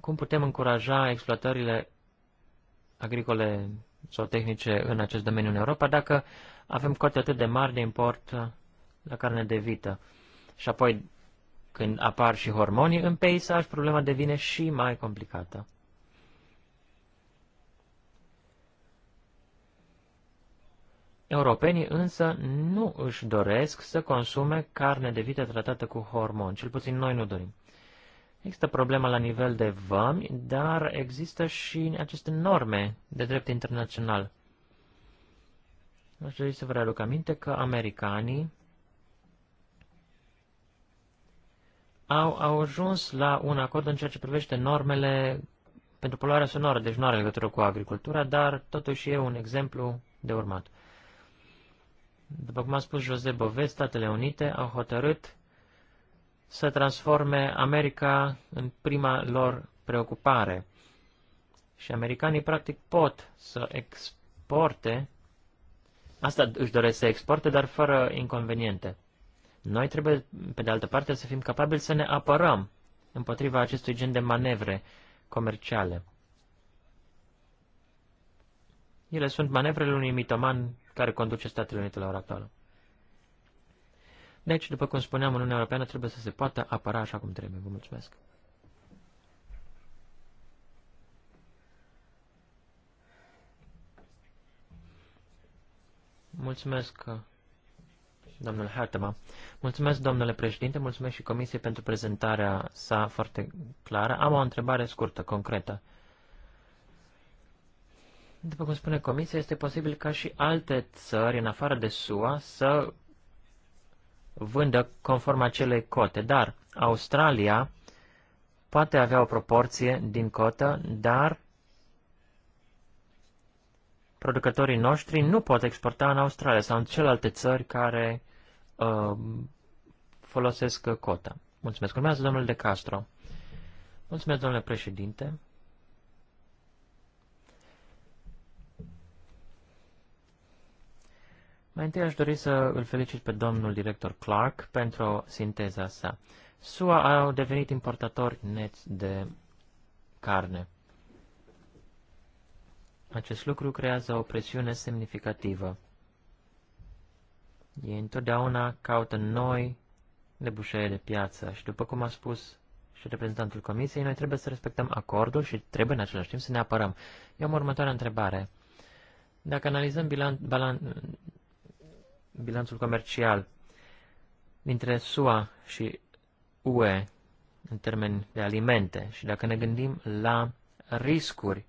Cum putem încuraja exploatările agricole sau tehnice în acest domeniu în Europa dacă avem cote atât de mari de import uh, la carne de vită. Și apoi, când apar și hormonii în peisaj, problema devine și mai complicată. Europenii însă nu își doresc să consume carne de vită tratată cu hormon, cel puțin noi nu dorim. Există problema la nivel de vămi, dar există și aceste norme de drept internațional. Aș dori să vă aduc aminte că americanii au, au ajuns la un acord în ceea ce privește normele pentru poluarea sonoră, deci nu are legătură cu agricultura, dar totuși e un exemplu de urmat. După cum a spus Jose Bove, Statele Unite au hotărât să transforme America în prima lor preocupare. Și americanii, practic, pot să exporte, asta își doresc să exporte, dar fără inconveniente. Noi trebuie, pe de altă parte, să fim capabili să ne apărăm împotriva acestui gen de manevre comerciale. Ele sunt manevrele unui mitoman care conduce Statele Unite la ora actuală. Deci, după cum spuneam, Uniunea Europeană trebuie să se poată apăra așa cum trebuie. Vă mulțumesc! Mulțumesc, domnul Hartema. Mulțumesc, domnule președinte, mulțumesc și comisiei pentru prezentarea sa foarte clară. Am o întrebare scurtă, concretă. După cum spune comisia, este posibil ca și alte țări, în afară de SUA, să vândă conform acelei cote, dar Australia poate avea o proporție din cotă, dar producătorii noștri nu pot exporta în Australia sau în celelalte țări care uh, folosesc cota. Mulțumesc. Urmează domnul De Castro. Mulțumesc, domnule președinte. Mai întâi aș dori să îl felicit pe domnul director Clark pentru sinteza sa. SUA au devenit importatori net de carne. Acest lucru creează o presiune semnificativă. Ei întotdeauna caută noi debușee de piață și, după cum a spus și reprezentantul comisiei, noi trebuie să respectăm acordul și trebuie în același timp să ne apărăm. Eu am următoarea întrebare. Dacă analizăm bilan, balan, bilanțul comercial dintre SUA și UE în termeni de alimente și dacă ne gândim la riscuri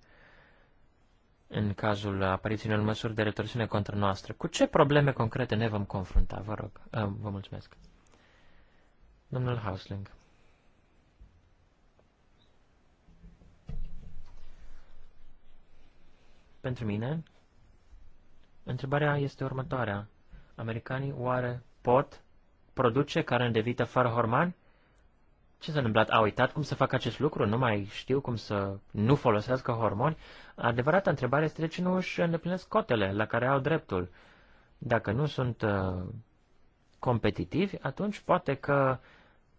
în cazul apariției unor măsuri de retorsiune contra noastră, cu ce probleme concrete ne vom confrunta? Vă rog, ah, vă mulțumesc. Domnul Hausling. Pentru mine, întrebarea este următoarea. Americanii oare pot produce carne de vită fără hormon? Ce s-a întâmplat? Au uitat cum să facă acest lucru? Nu mai știu cum să nu folosească hormoni? Adevărata întrebare este de ce nu își îndeplinesc cotele la care au dreptul. Dacă nu sunt uh, competitivi, atunci poate că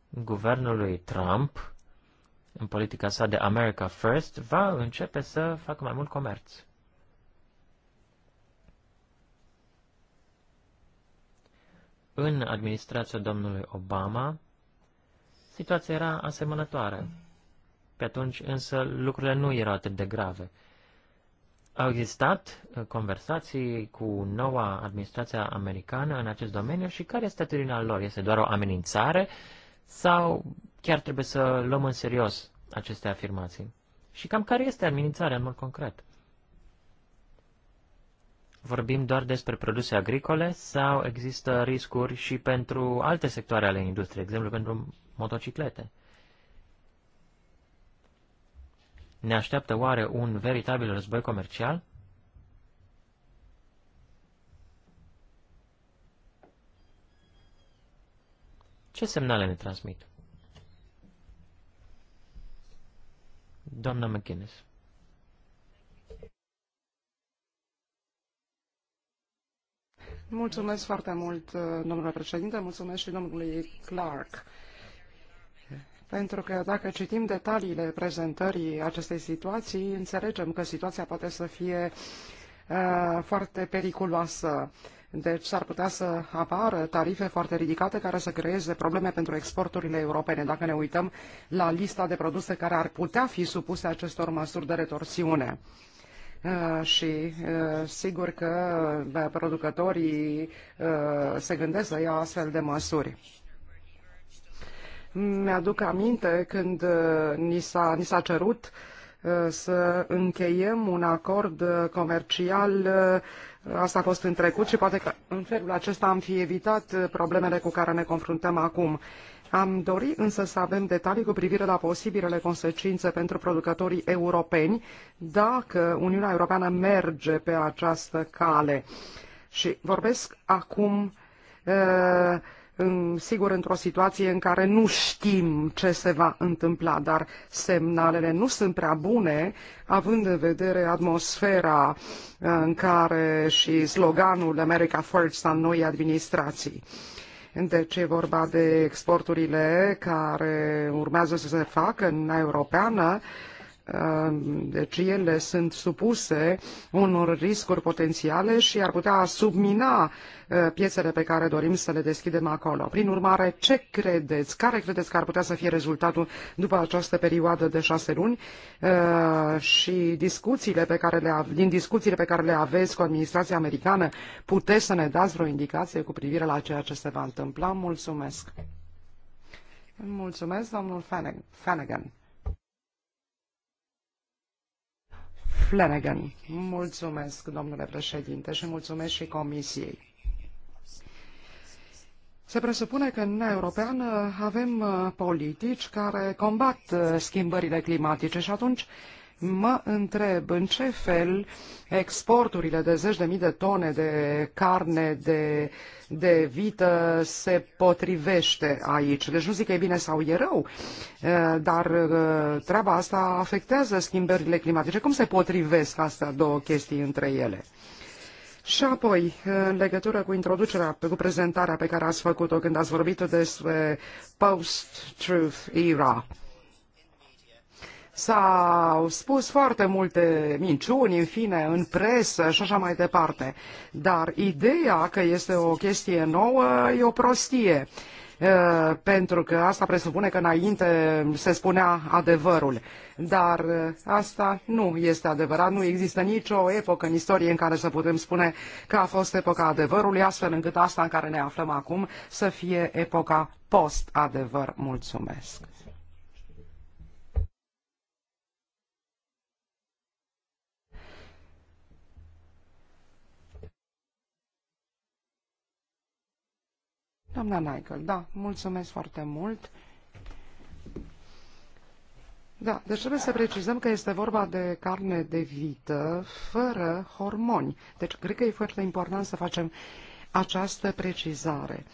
guvernul lui Trump, în politica sa de America First, va începe să facă mai mult comerț. În administrația domnului Obama, situația era asemănătoare. Pe atunci însă lucrurile nu erau atât de grave. Au existat uh, conversații cu noua administrație americană în acest domeniu și care este atitudinea lor? Este doar o amenințare sau chiar trebuie să luăm în serios aceste afirmații? Și cam care este amenințarea în mod concret? vorbim doar despre produse agricole sau există riscuri și pentru alte sectoare ale industriei, exemplu pentru motociclete? Ne așteaptă oare un veritabil război comercial? Ce semnale ne transmit? Doamna McGuinness. Mulțumesc foarte mult, uh, domnule președinte, mulțumesc și domnului Clark. Pentru că dacă citim detaliile prezentării acestei situații, înțelegem că situația poate să fie uh, foarte periculoasă. Deci s-ar putea să apară tarife foarte ridicate care să creeze probleme pentru exporturile europene, dacă ne uităm la lista de produse care ar putea fi supuse acestor măsuri de retorsiune. Uh, și uh, sigur că uh, producătorii se gândesc la ia astfel de măsuri. Mi-aduc aminte când ni s-a, ni s-a cerut să încheiem un acord comercial. Asta a fost în trecut și poate că în felul acesta am fi evitat problemele cu care ne confruntăm acum. Am dori însă să avem detalii cu privire la posibilele consecințe pentru producătorii europeni dacă Uniunea Europeană merge pe această cale. Și vorbesc acum, sigur, într-o situație în care nu știm ce se va întâmpla, dar semnalele nu sunt prea bune, având în vedere atmosfera în care și sloganul America First al noii administrații ce e vorba de exporturile care urmează să se facă în Uniunea Europeană Uh, deci ele sunt supuse unor riscuri potențiale și ar putea submina uh, piețele pe care dorim să le deschidem acolo. Prin urmare, ce credeți? Care credeți că ar putea să fie rezultatul după această perioadă de șase luni uh, și discuțiile pe care le, din discuțiile pe care le aveți cu administrația americană, puteți să ne dați vreo indicație cu privire la ceea ce se va întâmpla? Mulțumesc! Mulțumesc, domnul Flanagan. Flanagan. Mulțumesc, domnule președinte, și mulțumesc și comisiei. Se presupune că în Uniunea Europeană avem uh, politici care combat uh, schimbările climatice și atunci Mă întreb în ce fel exporturile de zeci de mii de tone de carne de, de vită se potrivește aici. Deci nu zic că e bine sau e rău, eh, dar eh, treaba asta afectează schimbările climatice. Cum se potrivesc astea două chestii între ele? Și apoi, eh, în legătură cu introducerea, cu prezentarea pe care ați făcut-o când ați vorbit despre post-truth era, S-au spus foarte multe minciuni, în fine, în presă și așa mai departe. Dar ideea că este o chestie nouă e o prostie pentru că asta presupune că înainte se spunea adevărul. Dar asta nu este adevărat. Nu există nicio epocă în istorie în care să putem spune că a fost epoca adevărului, astfel încât asta în care ne aflăm acum să fie epoca post-adevăr. Mulțumesc! Doamna Nigel, da, mulțumesc foarte mult. Da, deci trebuie să precizăm că este vorba de carne de vită fără hormoni. Deci cred că e foarte important să facem această precizare.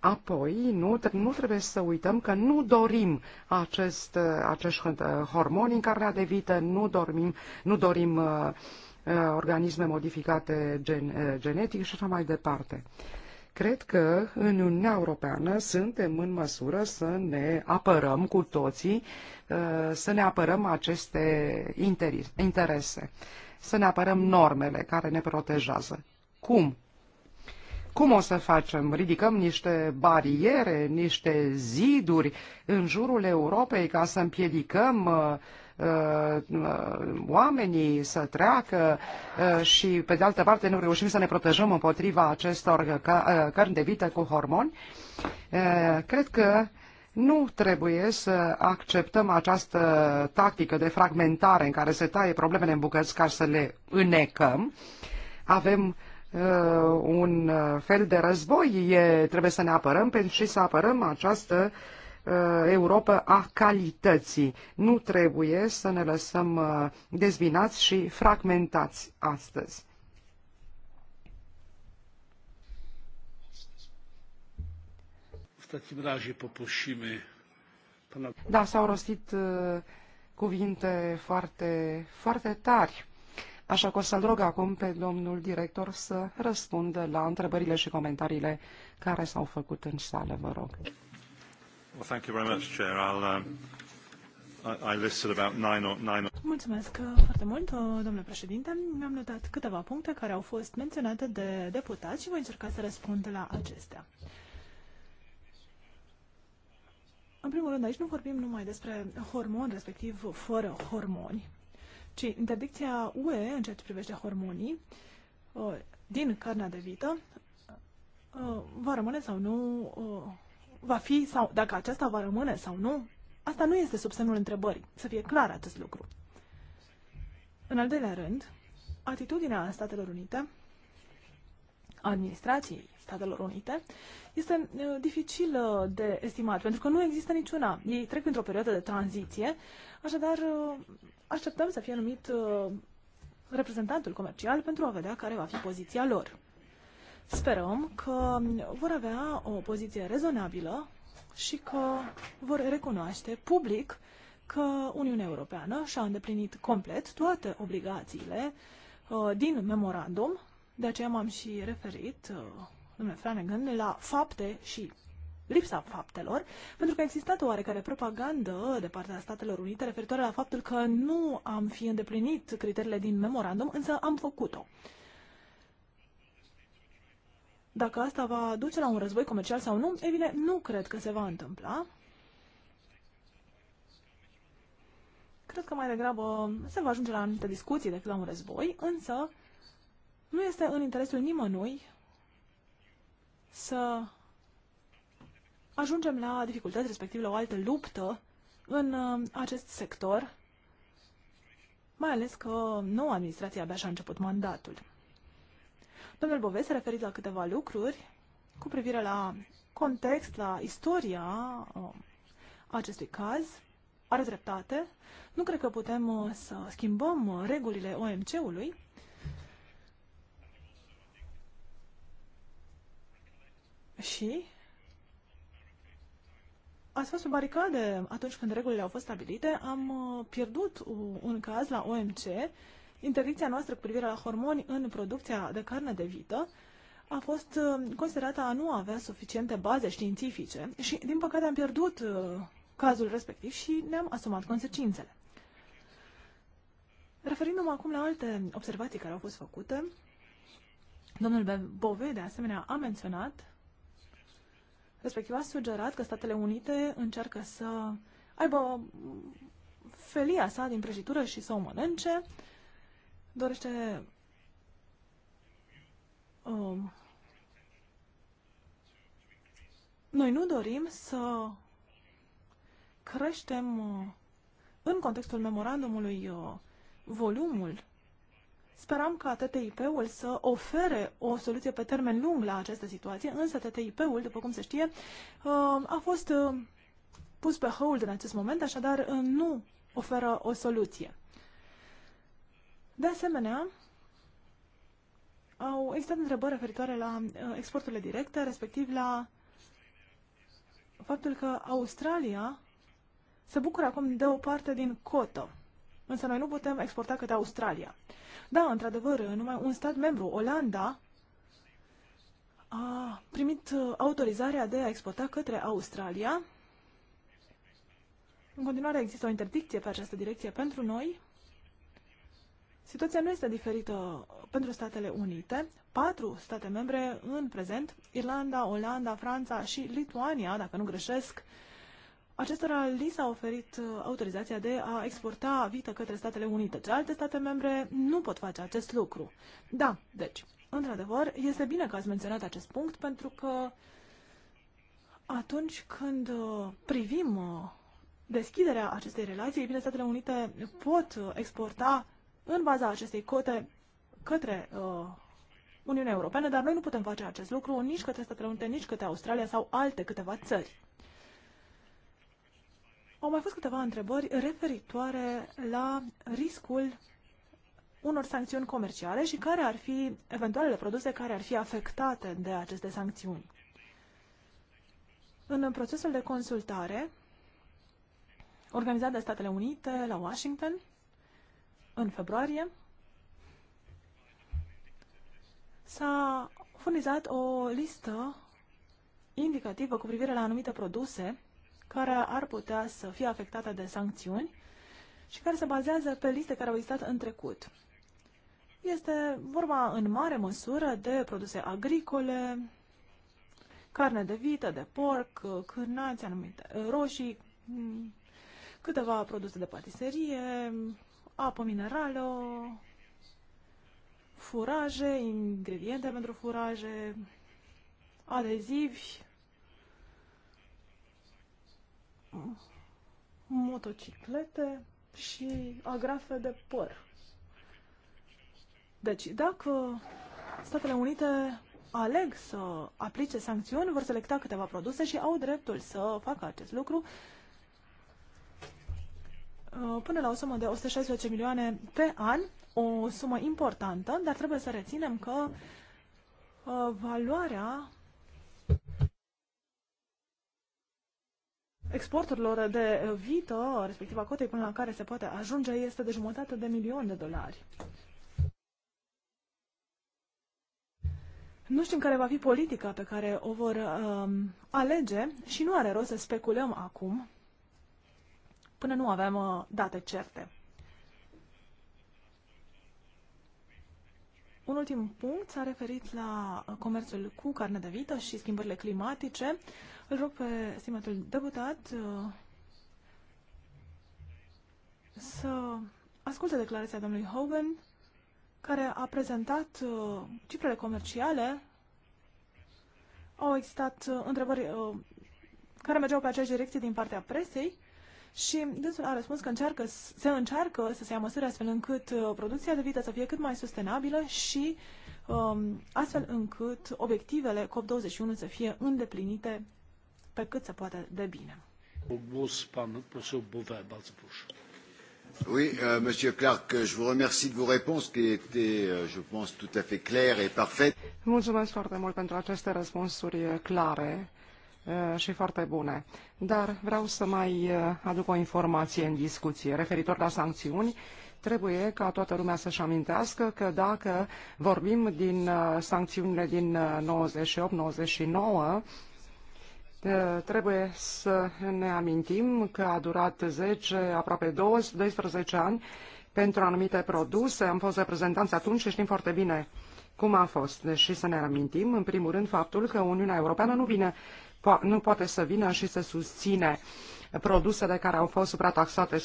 Apoi, nu, nu trebuie să uităm că nu dorim acest, acești uh, hormoni în carnea de vită, nu, dormim, nu dorim uh, uh organisme modificate gen, uh, genetic și așa mai departe. Uh, Cred că în Uniunea Europeană suntem în măsură să ne apărăm cu toții, uh, să ne apărăm aceste interese, să ne apărăm normele care ne protejează. Cum? Cum o să facem? Ridicăm niște bariere, niște ziduri în jurul Europei ca să împiedicăm uh, Uh, oamenii să treacă uh, și, pe de altă parte, nu reușim să ne protejăm împotriva acestor uh, cărni de vită cu hormoni, cred că nu trebuie să acceptăm această tactică de fragmentare în care se taie problemele în bucăți ca să le înecăm. Avem un fel de război, e, trebuie să ne apărăm pentru și să apărăm această Uh, Europa a calității. Nu trebuie să ne lăsăm uh, dezbinați și fragmentați astăzi. Da, s-au rostit uh, cuvinte foarte, foarte tari. Așa că o să-l rog acum pe domnul director să răspundă la întrebările și comentariile care s-au făcut în sală, vă rog. Well, thank you very much, Chair. I'll, um, I, I listed about nine or, nine Mulțumesc uh, foarte mult, uh, domnule președinte. Mi-am notat câteva puncte care au fost menționate de deputați și voi încerca să răspund la acestea. În primul rând, aici nu vorbim numai despre hormoni, respectiv fără hormoni, ci interdicția UE în ceea ce privește hormonii uh, din carnea de vită va rămâne sau nu va fi sau dacă aceasta va rămâne sau nu, asta nu este sub semnul întrebării. Să fie clar acest lucru. În al doilea rând, atitudinea Statelor Unite, administrației Statelor Unite, este uh, dificilă uh, de estimat, pentru că nu există niciuna. Ei trec într-o perioadă de tranziție, așadar uh, așteptăm să fie numit reprezentantul comercial pentru a vedea care va fi poziția lor. Sperăm că vor avea o poziție rezonabilă și că vor recunoaște public că Uniunea Europeană și-a îndeplinit complet toate obligațiile uh, din memorandum, de aceea m-am și referit, uh, domnule Franegan, la fapte și lipsa faptelor, pentru că a existat o oarecare propagandă de partea Statelor Unite referitoare la faptul că nu am fi îndeplinit criteriile din memorandum, însă am făcut-o. Uh, dacă asta va duce la un război comercial sau nu, ei bine, nu cred că se va întâmpla. Cred că mai degrabă se va ajunge la anumite discuții decât la un război, însă nu este în interesul nimănui să ajungem la dificultăți, respectiv la o altă luptă în uh, acest sector, mai ales că noua administrație abia și-a început mandatul. Domnul Bove s-a referit la câteva lucruri cu privire la context, la istoria um, acestui caz. Are dreptate. Nu cred că putem uh, să schimbăm uh, regulile OMC-ului. Și ați fost pe baricade atunci când regulile au fost stabilite. Am uh, pierdut un caz la OMC interdicția noastră cu privire la hormoni în producția de carne de vită a fost uh, considerată a nu avea suficiente baze științifice și, din păcate, am pierdut uh, cazul respectiv și ne-am asumat consecințele. Referindu-mă acum la alte observații care au fost făcute, domnul Bove, de asemenea, a menționat, respectiv a sugerat că Statele Unite încearcă să aibă mm, felia sa din prăjitură și să o mănânce, dorește um, noi nu dorim să creștem uh, în contextul memorandumului uh, volumul. Speram ca TTIP-ul să ofere o soluție pe termen lung la această situație, însă TTIP-ul, după cum se știe, uh, a fost pus pe hold în acest moment, așadar nu oferă o soluție. De asemenea, au existat întrebări referitoare la uh, exporturile directe, respectiv la faptul că Australia se bucură acum de o parte din cotă. Însă noi nu putem exporta către Australia. Da, într-adevăr, numai un stat membru, Olanda, a primit uh, autorizarea de a exporta către Australia. În continuare există o interdicție pe această direcție pentru noi, Situația nu este diferită pentru Statele Unite. Patru state membre în prezent, Irlanda, Olanda, Franța și Lituania, dacă nu greșesc, Acestora li s-a oferit uh, autorizația de a exporta vită către Statele Unite. Alte state membre nu pot face acest lucru. Da, deci, într-adevăr, este bine că ați menționat acest punct, pentru că atunci când uh, privim uh, deschiderea acestei relații, bine, Statele Unite pot exporta în baza acestei cote către uh, Uniunea Europeană, dar noi nu putem face acest lucru nici către Statele Unite, nici către Australia sau alte câteva țări. Au mai fost câteva întrebări referitoare la riscul unor sancțiuni comerciale și care ar fi eventualele produse care ar fi afectate de aceste sancțiuni. În procesul de consultare organizat de Statele Unite la Washington, în februarie, s-a furnizat o listă indicativă cu privire la anumite produse care ar putea să fie afectate de sancțiuni și care se bazează pe liste care au existat în trecut. Este vorba în mare măsură de produse agricole, carne de vită, de porc, cârnați, anumite roșii, câteva produse de patiserie, apă minerală, furaje, ingrediente pentru furaje, adezivi, motociclete și agrafe de păr. Deci, dacă Statele Unite aleg să aplice sancțiuni, vor selecta câteva produse și au dreptul să facă acest lucru Uh, până la o sumă de 116 milioane pe an, o sumă importantă, dar trebuie să reținem că uh, valoarea exporturilor de vită, respectiv a cotei până la care se poate ajunge, este de jumătate de milion de dolari. Nu știm care va fi politica pe care o vor um, alege și nu are rost să speculăm acum până nu avem uh, date certe. Un ultim punct s-a referit la uh, comerțul cu carne de vită și schimbările climatice. Îl rog pe stimatul deputat uh, să asculte declarația domnului Hogan, care a prezentat cifrele comerciale. Au existat întrebări care mergeau pe aceeași direcție din partea presei și dânsul a răspuns că încearcă, se încearcă să se ia măsuri astfel încât uh, producția de vită să fie cât mai sustenabilă și um, astfel încât obiectivele COP21 să fie îndeplinite pe cât se poate de bine. Oui, euh, Monsieur Clark, euh, je vous remercie de vos réponses qui étaient, euh, je pense, tout à fait claires et parfaites. Mulțumesc foarte mult pentru aceste răspunsuri uh, clare. Eh, și foarte bune. Dar vreau să mai eh, aduc o informație în discuție referitor la sancțiuni. Trebuie ca toată lumea să-și amintească că dacă vorbim din eh, sancțiunile din 98-99, trebuie să ne amintim că a durat 10, aproape 12, ani pentru anumite produse. Am fost reprezentanți atunci și știm foarte bine cum a fost. Deși deci să ne amintim, în primul rând, faptul că Uniunea Europeană nu vine po- nu poate să vină și să susține produsele care au fost suprataxate 100%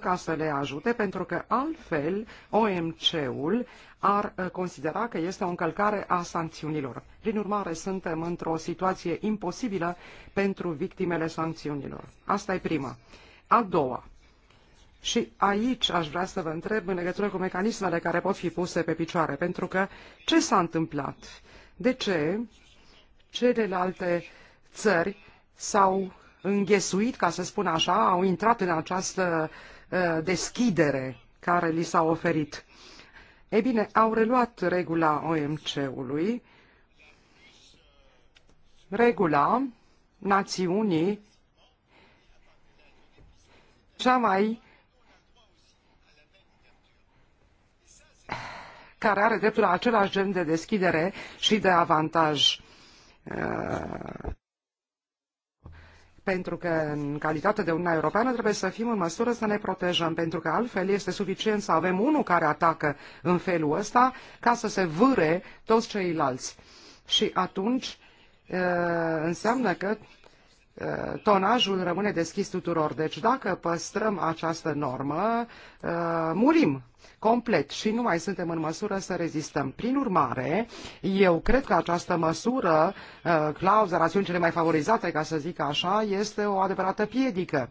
ca să le ajute, pentru că altfel OMC-ul ar uh, considera că este o încălcare a sancțiunilor. Prin urmare, suntem într-o situație imposibilă pentru victimele sancțiunilor. Asta e prima. A doua, și aici aș vrea să vă întreb în legătură cu mecanismele care pot fi puse pe picioare, pentru că ce s-a întâmplat? De ce celelalte țări s-au înghesuit, ca să spun așa, au intrat în această uh, deschidere care li s-a oferit. Ei bine, au reluat regula OMC-ului, regula națiunii cea mai care are dreptul la același gen de deschidere și de avantaj. Uh, pentru că în calitate de Uniunea Europeană trebuie să fim în măsură să ne protejăm, pentru că altfel este suficient să avem unul care atacă în felul ăsta ca să se vâre toți ceilalți. Și atunci ă, înseamnă că Uh, tonajul rămâne deschis tuturor. Deci dacă păstrăm această normă, uh, murim complet și nu mai suntem în măsură să rezistăm. Prin urmare, eu cred că această măsură, uh, clauza rațiunii cele mai favorizate, ca să zic așa, este o adevărată piedică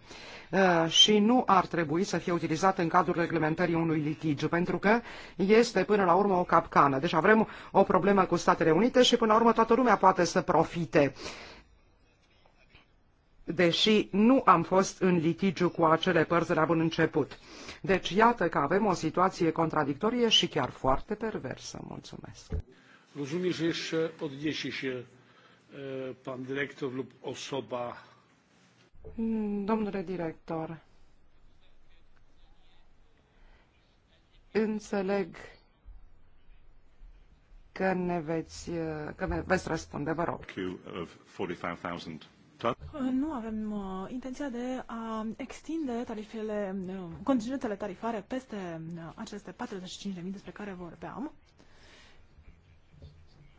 și nu ar trebui să fie utilizată în cadrul reglementării unui litigiu, pentru că este până la urmă o capcană. Deci avem o problemă cu Statele Unite și până la urmă toată lumea poate să profite deși nu am fost în litigiu cu acele părți de la bun început. Deci iată că avem o situație contradictorie și chiar foarte perversă. Mulțumesc. Rozumie, że jeszcze odniesie się pan dyrektor lub osoba. Domnule director, înțeleg că ne veți, că ne veți răspunde, vă rog. Nu avem uh, intenția de a extinde tarifele, uh, contingentele tarifare peste uh, aceste 45.000 despre care vorbeam.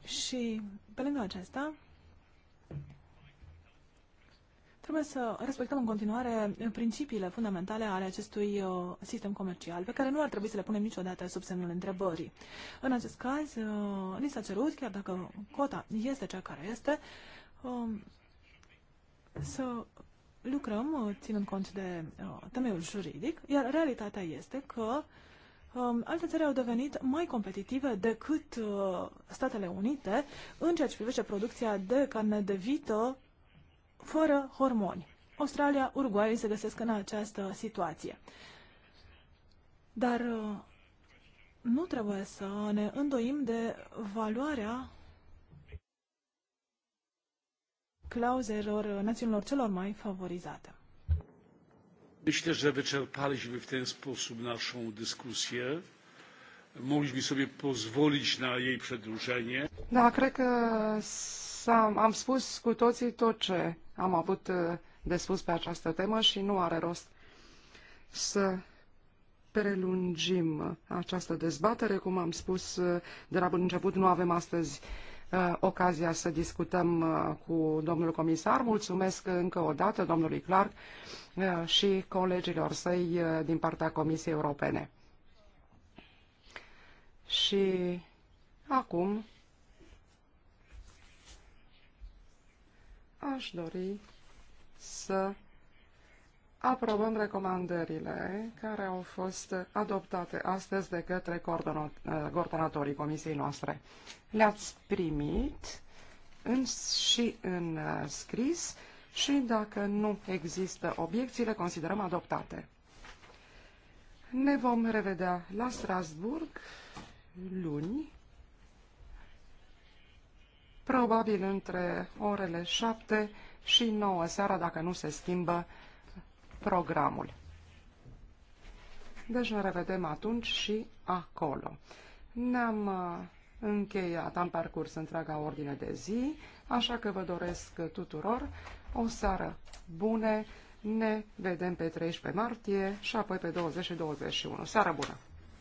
Și pe lângă acesta, trebuie să respectăm în continuare principiile fundamentale ale acestui uh, sistem comercial, pe care nu ar trebui să le punem niciodată sub semnul întrebării. În acest caz, uh, ni s-a cerut, chiar dacă cota este cea care este, um, să lucrăm uh, ținând cont de uh, temeiul juridic, iar realitatea este că um, alte țări au devenit mai competitive decât uh, Statele Unite în ceea ce privește producția de carne de vită fără hormoni. Australia, Uruguay se găsesc în această situație. Dar nu trebuie să ne îndoim de valoarea clauzelor națiunilor celor mai favorizate. Myślę, że wyczerpaliśmy w ten sposób naszą dyskusję. Mogliśmy sobie pozwolić na jej przedłużenie. Da, cred că am am spus cu toții tot ce am avut de spus pe această temă și nu are rost să prelungim această dezbatere. Cum am spus de la bun început, nu avem astăzi Uh, ocazia să discutăm uh, cu domnul comisar. Mulțumesc încă o dată domnului Clark uh, și colegilor săi din partea Comisiei Europene. Și acum aș dori să aprobăm recomandările care au fost adoptate astăzi de către uh, coordonatorii comisiei noastre. Le-ați primit în, și în uh, scris și dacă nu există obiecții, le considerăm adoptate. Ne vom revedea la Strasburg luni, probabil între orele 7 și 9 seara, dacă nu se schimbă programul. Deci ne revedem atunci și acolo. Ne-am uh, încheiat, am parcurs întreaga ordine de zi, așa că vă doresc tuturor o seară bună. ne vedem pe 13 martie și apoi pe 20 și 21. Seară bună!